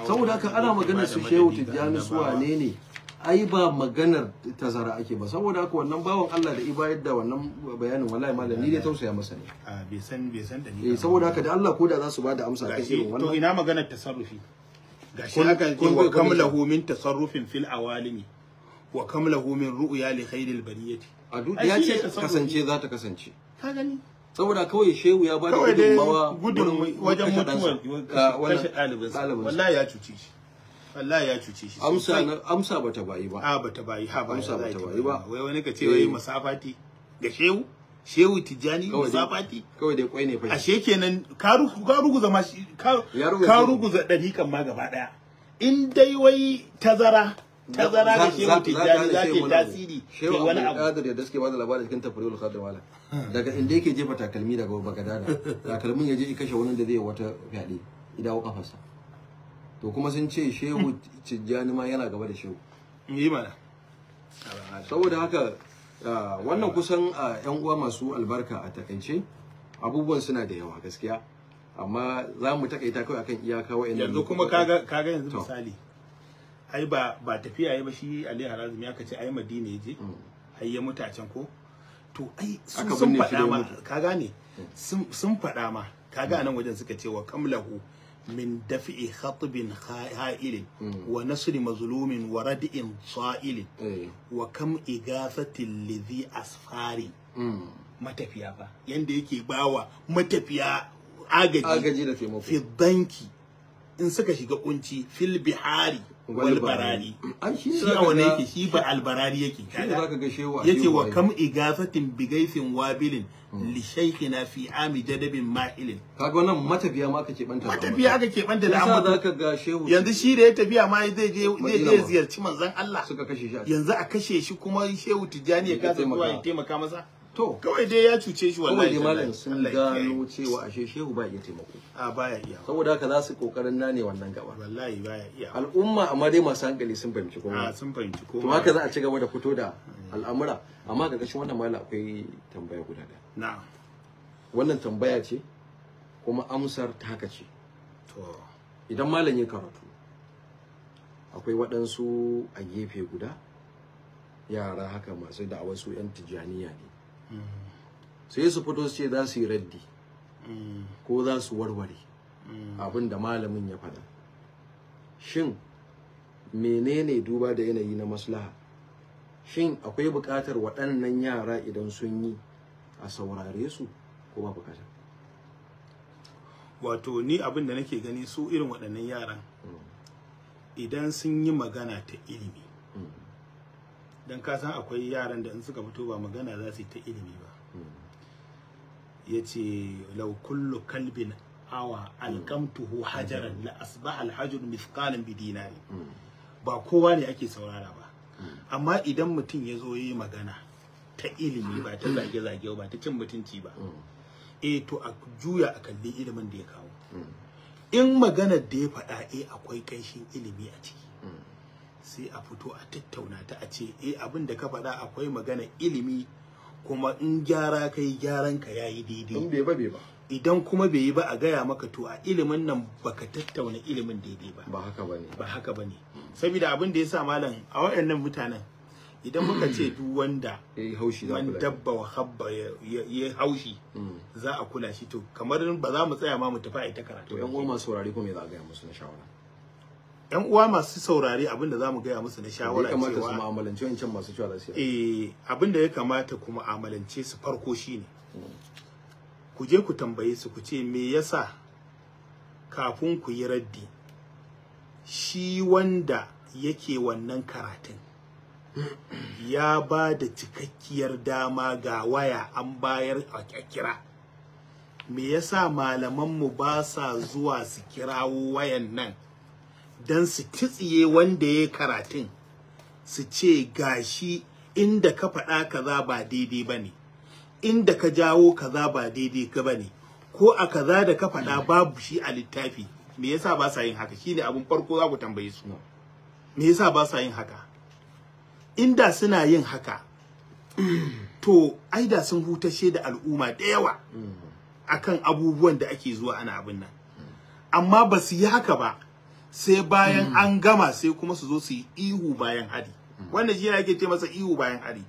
saboda haka ana maganar su shehu tijjani su wane ne ai ba maganar tazara ake ba saboda haka wannan bawan Allah da ibayar da wannan bayanin wallahi malam ni dai tausaya masa ne a bai san bai san dalili eh saboda haka da Allah ko da za su ba da amsa kai irin wannan to ina maganar tasarrufi gashi haka Kun wa kam min tasarrufin fil awalimi wa kam lahu min ru'ya li khairil bariyati a ya ce kasance za ta kasance ka gani saboda kawai shehu ya ba da gudunmawa gudun wajen mutuwar ah, kashe ɗalibinsa wallahi ya cuce shi wallahi ya cuce shi amsa amsa bata bayi ba a bata bayi ha ba amsa bata bayi ba wai wani ka ce wai eh. masafati ga shehu shehu tijani masafati kawai dai kwai ne fa ashe kenan ka ruguza ma ka ruguza kan ma gaba daya in dai wai tazara tazara ga shehu tijani za ta tasiri shehu wani abu kadir ya ba bada labarin cikin tafriyul kadir wala daga inda yake jefa takalmi daga bagadada *laughs* takalmin ya je kashe wani da zai wata fyaɗe idawo kafarsa to kuma sun ce shehu tijjani ma yana gaba da shehu yi mana saboda haka wannan kusan yan uwa masu albarka a takance abubuwan suna da yawa gaskiya amma za mu takaita kawai akan iyaka wa'in yanzu kuma kaga yanzu misali ai ba ba tafiya yi ba shi Ali Harazim aka ce ai Madina yaje mm. ai ya mutu a can ko to ai mm. sun faɗa ma ka gane sun fada ma mm. kaga nan wajen suka ce wa kamlahu min dafi'i khatibin ha'ilin mm. wa nasri mazlumin wa radi'in sa'ilin eh. wa kam igafatin lizi asfari mm. matafiya ba yanda yake bawa matafiya agaji da taimako fi banki in suka shiga kunci fil bihari walbarari shi a yake shi ba albarari yake yace wa kam igafatin bigaifin wabilin hmm. li shaykhina fi ami jadabin mahilin kaga wannan matafiya ma aka banta matafiya aka ke banta da amma zaka ga shehu yanzu shi da ya tafiya ma zai je zai je ziyarci manzon Allah suka kashe shi yanzu a kashe shi kuma shehu tijani ya kasa zuwa ya taimaka masa to kawai dai ya cuce shi wallahi kawai malam sun gano cewa ashe shehu ba iya taimako a baya iya saboda haka za su kokarin nane wannan gaba wallahi baya iya al'umma amma dai masu hankali sun fahimci komai a sun fahimci komai to haka za a ci gaba da fito da al'amura amma ga gashin wannan malam akwai tambaya guda da na'am wannan tambaya ce kuma amsar ta haka ce to idan malam ya karatu akwai waɗansu a gefe guda yara haka masu da'awar su 'yan tijjaniya ne sai su fito su ce za su yi raddi ko za su warware abin da malamin ya faɗa shin menene duba da yanayi na maslaha shin akwai buƙatar waɗannan yara idan sun yi a saurare su ko ba buƙatar wato ni abin da nake gani su irin waɗannan yaran mm. idan sun yi magana ta ilimi dan ka san akwai yaran da in suka fito ba magana za su yi ta ilimi ba ya ce kullu kalbin awa alkamtuhu hajaran la asbaha alhajur mithqalan bi dinari ba kowa ne ake saurara ba amma idan mutum ya zo yi magana ta ilimi ba ta zage-zage ba ta cin mutunci ba eh to a juya a kalli ilimin da ya kawo in magana da ya faɗa eh akwai ƙanshin ilimi a ciki sai a fito a tattauna ta a ce eh abin da ka faɗa akwai magana ilimi kuma in gyara kai gyaran ka yayi daidai in bai ba bai ba idan kuma bai yi ba a gaya maka to a ilimin nan baka tattauna ilimin daidai ba ba haka bane ba haka bane saboda abin da yasa malam a wayannan mutanen idan muka ce duk wanda *clears throat* man dabba wa habba ya haushi mm. za a kula shi to kamar ba za mu tsaya ma mu tafi a ita karatu dan uwa masu saurare ko me za a gaya musu na shawara yan uwa masu saurari abin da zamu gaya musu na shawara cewa kamata su mu'amalance wancan masu cewa eh abin da ya kamata ku mu'amalance su farko shine ku je ku tambaye su ku ce me yasa kafin ku yi raddi shi wanda yake wannan karatun ya ba da cikakkiyar dama ga waya an bayar a kira me yasa malamanmu ba sa zuwa su kirawo wayan nan dan su kitsiye wanda ya karatun su ce gashi inda ka faɗa kaza ba daidai ba inda ka jawo kaza ba daidai ka ba ko a kaza da ka faɗa babu shi a littafi me yasa ba sa yin haka shine abin farko za ku tambaye su me yasa ba sa yin haka inda suna yin haka *clears throat* to ai da sun hutashe da al'umma da yawa mm. akan abubuwan da ake zuwa ana abin nan amma ba su yi haka ba sai bayan mm. an gama sai kuma su zo su yi ihu bayan hari mm. wanda jiya yake ce masa ihu bayan hari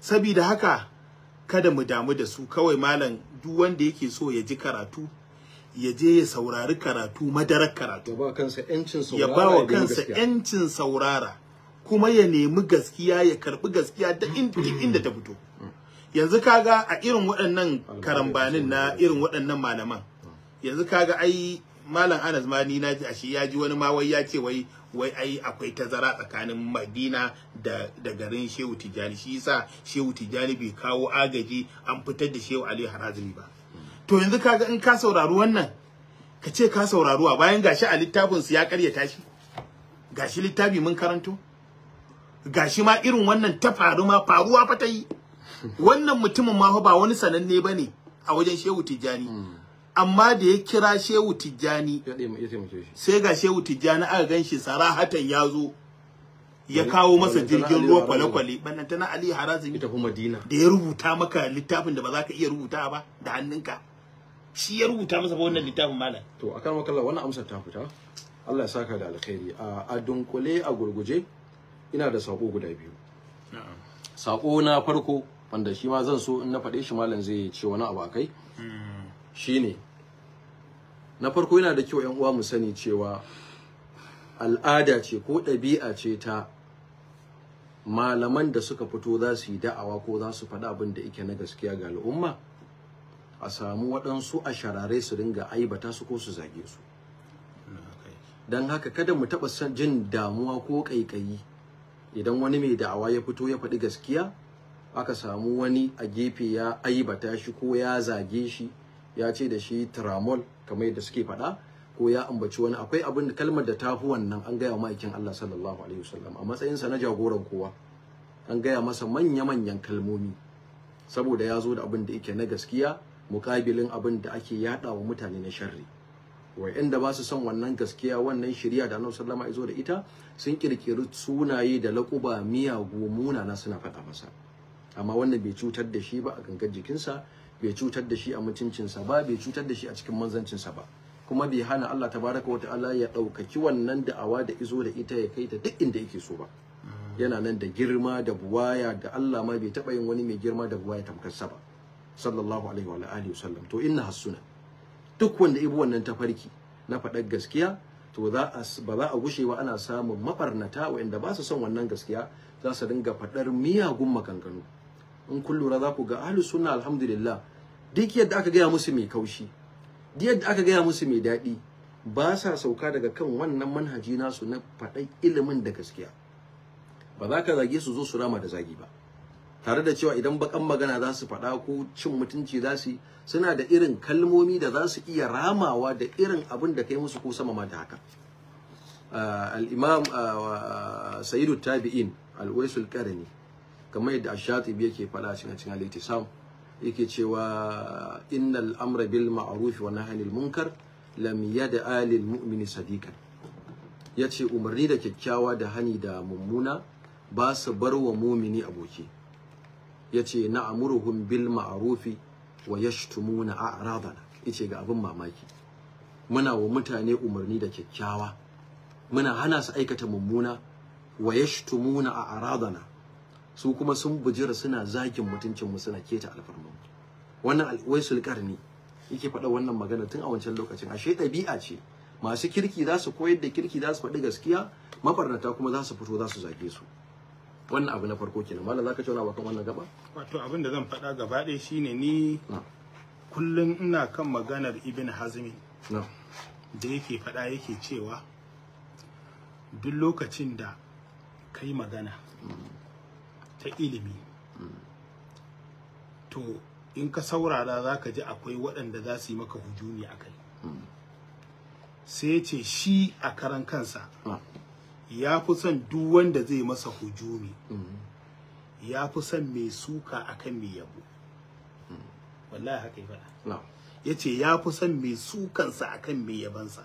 saboda haka kada mu damu da su kawai malam duk wanda yake so ya ji karatu ya je ya saurari karatu madarar karatu ya ba yancin saurara ya ba wa kansa yancin saurara kuma ya nemi gaskiya ya karbi gaskiya da mm. inda ta fito yanzu kaga a irin waɗannan karambanin na irin waɗannan malaman yanzu kaga ai malam Anas ma ni naji ashe ya ji wani ma wai ya ce wai wai ai akwai tazara tsakanin Madina da da garin Shehu Tijani shi yasa Shehu Tijani bai kawo agaji an fitar da Shehu Ali Harazmi ba to yanzu kaga in ka saurari wannan ka ce ka sauraruwa bayan gashi a littafin su ya karyata tashi, gashi littafi mun karanto gashi ma irin wannan ta faru ma faruwa fa ta yi wannan mutumin ma ba wani sananne bane a wajen Shehu Tijani hmm. amma da ya kira shehu tijjani sai ga shehu tijjani aka ganshi sarahatan ya zo ya kawo masa jirgin ruwa kwale-kwale bannanta na Ali Harazimi Madina da ya rubuta maka littafin da ba za ka iya rubuta ba da hannunka shi ya rubuta masa ba wannan littafin malam to kan makalla wannan amsar ta fita Allah ya saka da alkhairi a dunkule a gurguje ina da sako guda biyu sako na farko wanda shi ma zan so in na faɗe shi malam zai ce wani abu akai hmm. shine na farko yana da kyau yan uwa mu sani cewa al'ada ce ko ɗabi'a ce ta malaman da suka fito za su yi da'awa ko za su faɗa abin da yake na gaskiya ga al'umma a samu waɗansu a sharare su ringa aibata su ko su zage su don haka kada mu taɓa jin damuwa ko ƙaiƙayi idan wani mai da'awa ya fito ya faɗi gaskiya aka samu wani a gefe ya aibata shi ko ya zage shi ya ce da shi tramol kamar yadda suke faɗa ko ya ambaci wani akwai abin kalmar da tafi wannan an gaya ma'aikin Allah sallallahu alaihi wasallam a sa na jagoran kowa an gaya masa manya-manyan kalmomi saboda ya zo da abin da yake na gaskiya mukabilin abin da ake yada wa mutane na sharri inda ba su son wannan gaskiya wannan shirya da annabi ya izo da ita sun kirkiri sunaye da laƙuba miyagu na suna faɗa masa amma wannan bai cutar da shi ba a gangar jikinsa bai cutar da shi a mutuncinsa ba bai cutar da shi a cikin manzancinsa ba kuma bai hana Allah baraka wa ta'ala ya ɗaukaki wannan da'awa da izo da ita ya kai ta duk inda yake so ba yana nan da girma da buwaya da Allah ma bai taɓa yin wani mai girma da buwaya sa ba sallallahu alaihi wa alihi wasallam to inna hasuna duk wanda ibu wannan tafarki na faɗar gaskiya to za a ba za a gushe ba ana samun mafarnata inda ba su son wannan gaskiya za su dinga faɗar miyagun maganganu in kun lura za ku ga ahli sunna alhamdulillah duk yadda aka gaya musu mai kaushi duk yadda aka gaya musu mai daɗi ba sa sauka daga kan wannan manhaji nasu na faɗan ilimin da gaskiya ba za ka zage su zo su rama da zagi ba tare da cewa idan bakan magana za su faɗa ko cin mutunci za su suna da irin kalmomi da za su iya ramawa da irin abin da kai musu ko sama ma da haka ah, al-imam ah, ah, sayyidu tabi'in al-waisul qarni kamar yadda shatibi yake faɗa a cikin al-itisam yake cewa innal amra bil ma'ruf wa nahyi anil munkar lam yad'a lil mu'mini ya yace umarni da kyakkyawa da hani da mummuna ba su bar wa mumini aboki yace na'muruhum bil maarufi wa yashtumuna a'radana yace ga abin mamaki muna wa mutane umarni da kyakkyawa muna hana su aikata mummuna wa a a'radana su kuma sun bujira suna zagin mutuncin mu suna keta alfarmu wannan waisul karni yake faɗa wannan magana tun a wancan lokacin ashe ɗabi'a ce masu kirki za su koyar da kirki za su faɗi gaskiya mafarnata kuma za su fito za su zage su wannan abu na farko kenan malam zaka ce wani wannan gaba wato abin da zan faɗa gaba ɗaya shine ni kullum ina kan maganar ibn hazmi da yake faɗa yake cewa duk lokacin da kai magana mm. ta ilimi to in ka saurara za ka ji akwai waɗanda za su yi maka hujumi a kai sai ya ce shi a karan kansa ya fi son duk wanda zai masa hujumi ya fi son mai suka akan mai yabo wallahi haka yi fada ya ce ya fi son mai sukansa akan mai yabansa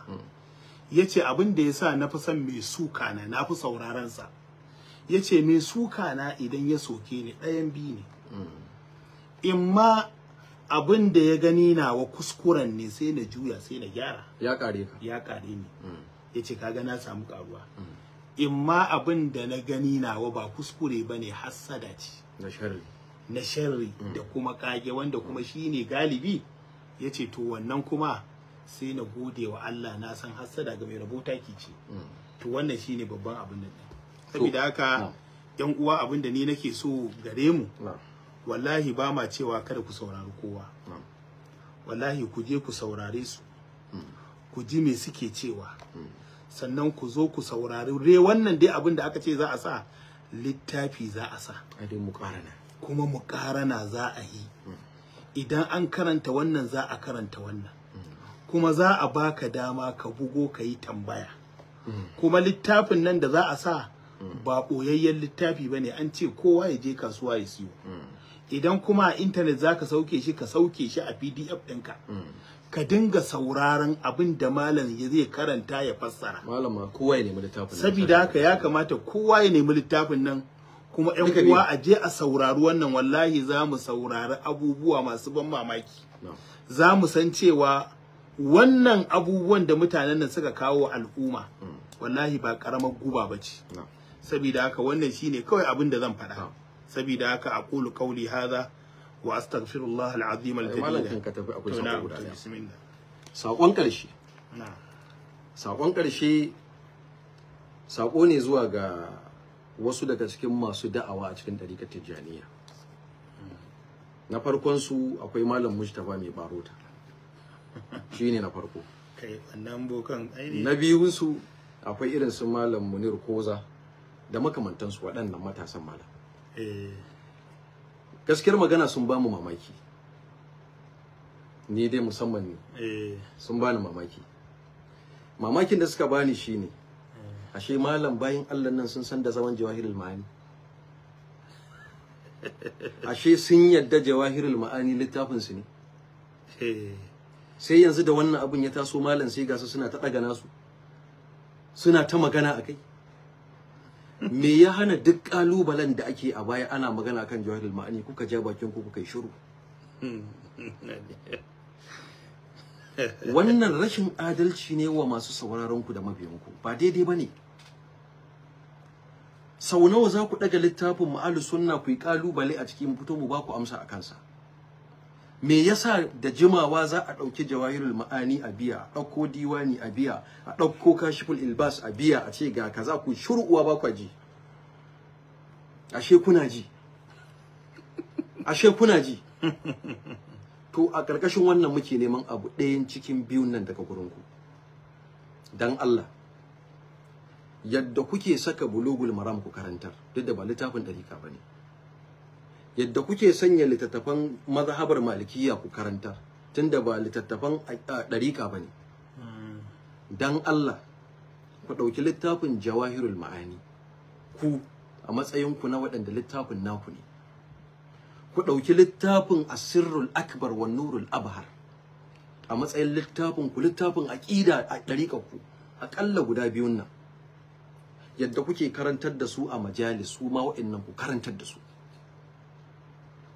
ya ce abin da ya sa na fi son mai suka na na fi saurarensa yace ce mai suka na idan ya soke ni ɗayan biyu ne mm. in ma abin da ya gani nawa kuskuren ne sai na juya sai na gyara ya kare ka ya kare ni mm. ya ce kaga na samu karuwa mm. in ma abin da na gani nawa ba kuskure ba ne hassada ce na sharri na sharri da kuma kage wanda kuma shine galibi yace ce to wannan kuma sai na gode wa Allah na san hassada ga mai rabota ki ce to wannan shine babban abin nan saboda haka yan uwa abin ni nake so gare mu wallahi ba ma cewa kada ku saurari kowa wallahi ku je ku saurare su mm. ku ji me suke cewa mm. sannan ku zo ku saurari re wannan dai abinda aka ce za a sa littafi za a sa kuma mu karana za a yi mm. idan an karanta wannan za a karanta wannan kuma za a baka dama ka bugo ka yi tambaya kuma littafin nan da za a sa ba ɓoyayyen littafi ba ne an ce kowa ya je kasuwa ya siyo idan kuma a intanet za ka sauke shi ka sauke shi a pdf ɗinka ka dinga sauraron abin da malam ya zai karanta ya fassara malam kowa ya nemi littafin saboda haka ya kamata kowa ya nemi littafin nan kuma yan uwa a je a saurari wannan wallahi za mu saurari abubuwa masu ban mamaki za mu san cewa wannan abubuwan da mutanen nan suka kawo al'umma mm. wallahi ba karamar guba ba ce saboda haka wannan shine kawai abin da zan faɗa saboda haka aqulu qawli hadha wa astaghfirullah alazim aljadid ka tafi akwai sako guda bismillah sakon karshe sakon karshe ne zuwa ga wasu daga cikin masu da'awa a cikin ɗarikar tijjaniya na farkon su akwai malam mustapha mai barota shine na farko na biyun su akwai irin su malam munir koza da makamantansu waɗannan matasan mala eh. gaskiyar magana sun ba mu mamaki ni dai musamman ne eh. sun ba ni mamaki mamakin da suka bani ne. Eh. ashe malam bayan allah nan sun san da zaman jawahirul ma'ani *laughs* ashe sun yadda jawahirul ma'ani littafin su ne sai yanzu da wannan abun ya taso malam sai gasa suna ta daga nasu suna ta magana a kai. me ya hana duk kalubalen da ake a baya ana magana kan jawahirul ma'ani kuka ja bakin ku kuka yi shiru wannan rashin adalci ne wa masu sauraron ku da mabiyan ku ba daidai bane sau nawa za ku daga littafin ma'alu sunna ku yi kalubale a cikin fito mu ba ku amsa a kansa me yasa da jimawa za a ɗauki jawahirul ma'ani a biya a ɗauko diwani a biya a ɗauko kashiful ilbas a biya a ce ga kaza ku shuruwa ba kwa ji ashe kuna ji ashe kuna ji *laughs* to a ƙarƙashin wannan muke neman abu ɗayan cikin biyun nan daga gurinku dan Allah yadda kuke saka bulugul maram ku karantar duk da ba littafin ɗarika ba ne yadda kuke sanya littattafan mazhabar malikiya ku karanta tunda ba littattafan ɗarika ba ne hmm. don Allah ku ɗauki littafin jawahirul ma'ani ku a matsayinku na waɗanda littafin naku ne ku ɗauki littafin asirrul akbar wa nurul abhar a matsayin littafin ku littafin aƙida a ɗariƙar ku aƙalla guda biyun nan yadda kuke karantar da su a majalis su ma waɗannan ku karantar da su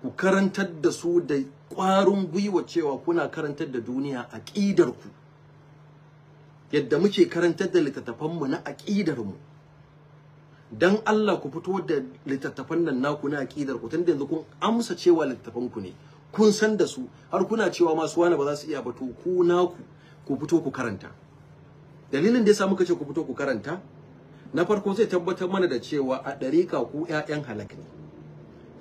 ku karantar da su da ƙwarin gwiwa cewa kuna karantar da duniya a ku yadda muke karantar da littattafanmu na aƙidarmu dan Allah ku fito da littattafan nan naku na aƙidarku tunda yanzu kun amsa cewa littattafanku ne kun san da su har kuna cewa masu wani ba za su iya ba to ku naku ku fito ku karanta dalilin da ya sa muka ce ku fito ku karanta na farko zai tabbatar mana da cewa a ɗarika ku 'ya'yan halak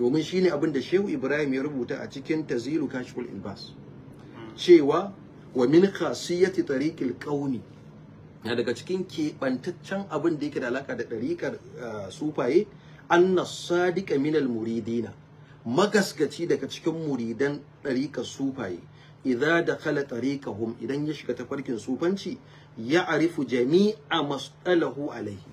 domin shine abin da Shehu Ibrahim ya rubuta a cikin Tazilu Kashful Ilbas cewa wa min khasiyati tariqil qaumi na daga cikin keɓantaccen abin da yake da alaka da ɗariƙar uh, sufaye anna sadiqa minal muridina magasgaci daga cikin muridan ɗariƙar sufaye idza dakhala tariqahum idan ya shiga tafarkin sufanci ya arifu jami'a mas'alahu alaihi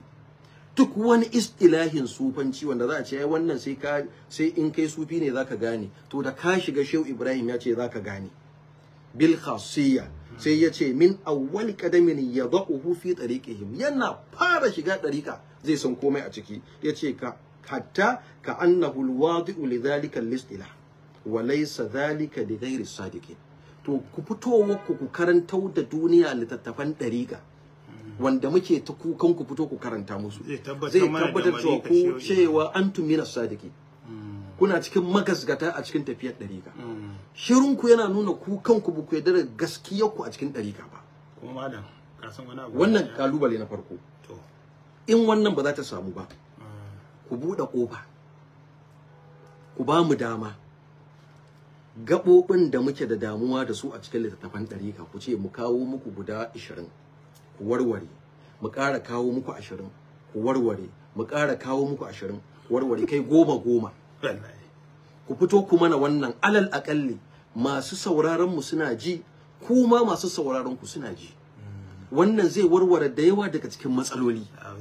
duk wani istilahin sufanci wanda za a ce wannan sai ka sai in kai sufi ne zaka gane to da ka shiga Shehu Ibrahim ya ce zaka gane bil khasiyya sai ya ce min awwal qadamin yadahu fi tariqihim yana fara shiga tariqa zai san komai a ciki ya ce ka hatta ka annahu alwadi'u lidhalika alistilah wa laysa dhalika li sadiqin to ku fitowa ku ku karantau da duniya littattafan tariqa wanda muke ta kukan ku fito ku karanta musu zai tabbatar cewa ko cewa antum minas sadiki hmm. kuna cikin magasgata a cikin tafiyar ɗarika hmm. shirin ku yana nuna ku kanku ba ku yarda da gaskiyar ku a cikin ɗarika ba wannan kalubale na farko in wannan ba za ta samu ba hmm. ku buɗe ƙofa ku ba mu dama gaɓoɓin da muke da damuwa da su a cikin littattafan ɗarika ku ce mu kawo muku guda ashirin ku warware mu ƙara kawo muku ashirin ku warware mu ƙara kawo muku ashirin warware kai goma goma ku fito ku mana wannan alal aƙalli masu sauraron mu suna ji kuma masu sauraron ku suna ji hmm. wannan zai warware da yawa daga cikin matsaloli ah,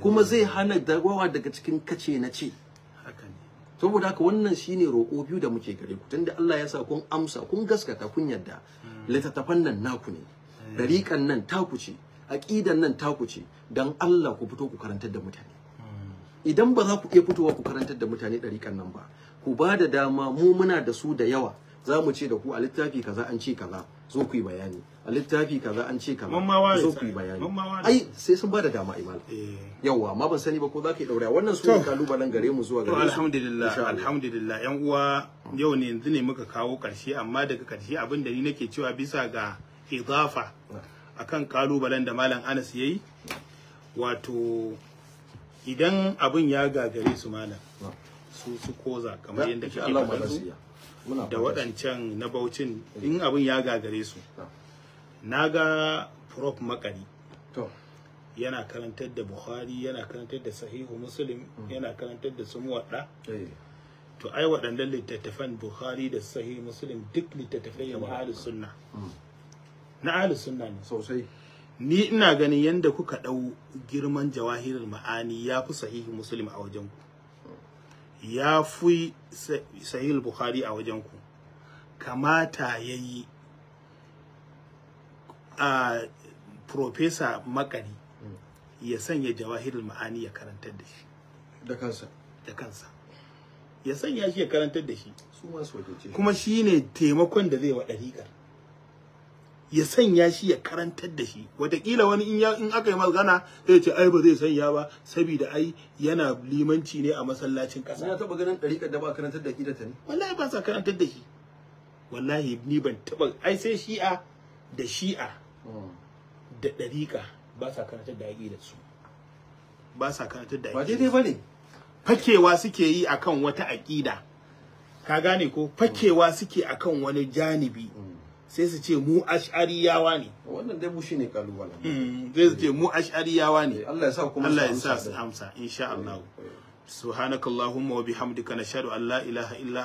kuma zai hana da daga cikin kace na ce saboda haka wannan shine roƙo biyu da muke gare ku tunda Allah ya sa kun amsa kun gaskata kun yadda hmm. littattafan nan naku ne dariƙan eh. nan taku ce aqidan nan taku ce dan Allah ku fito ku karantar da mutane idan ba za ku iya fitowa ku karantar da mutane dariƙan nan ba ku ba da dama mu muna da su da yawa za mu ce da ku a littafi kaza an ce kaza zo ku yi bayani a littafi kaza an ce kaza zo ku yi bayani ai sai sun ba da dama imal eh. yawa amma ban sani ba ko za ka yi daura wannan su ne kalubalen gare mu zuwa gare alhamdulillah alhamdulillah yan uwa yau ne yanzu ne muka kawo ƙarshe amma daga ƙarshe abin da ni nake cewa bisa ga idafa akan kalubalen da malam Anas yayi wato idan abin ya gagare su malam su su koza kamar yadda kake faɗa da waɗancan na baucin eh. in abin ya gagare su na ga prof makari yana karantar da bukhari yana karantar da sahihu muslim hmm. yana karantar da sumu wadda eh. to ai waɗannan littattafan bukhari da sahihu muslim duk littattafai ya ahlus sunna hmm. na ahli sunna ne sosai ni ina ganin yanda kuka dau girman jawahirul ma'ani ya fi sahihi muslim a wajen ku ya fi sahihul bukhari a wajen ku kamata yayi a professor makari ya sanya jawahirul ma'ani ya karantar da shi da kansa da kansa ya sanya shi ya karantar da shi kuma shine taimakon da zai wa dariƙar ya sanya shi ya karantar da shi wataƙila wani in in aka yi magana zai ce ai ba zai sanya ba saboda ai yana limanci ne a masallacin ƙasa ina taɓa ganin ɗariƙar da ba karantar da aƙida ta ne wallahi ba sa karantar da shi wallahi ni ban taɓa ai sai shi'a da shi'a da ɗariƙa ba sa karantar da aƙida su ba sa karantar da ba daidai ba ne fakewa suke yi akan wata aƙida ka gane ko fakewa suke akan wani janibi mm. sai su ce mu ash'ariyawa ne wannan dai mu shine kalubalen mm, sai su ce mu ash'ariyawa ne eh, Allah ya sa kuma Allah ya sa su amsa insha Allah subhanakallahumma wa bihamdika nashhadu an la ilaha illa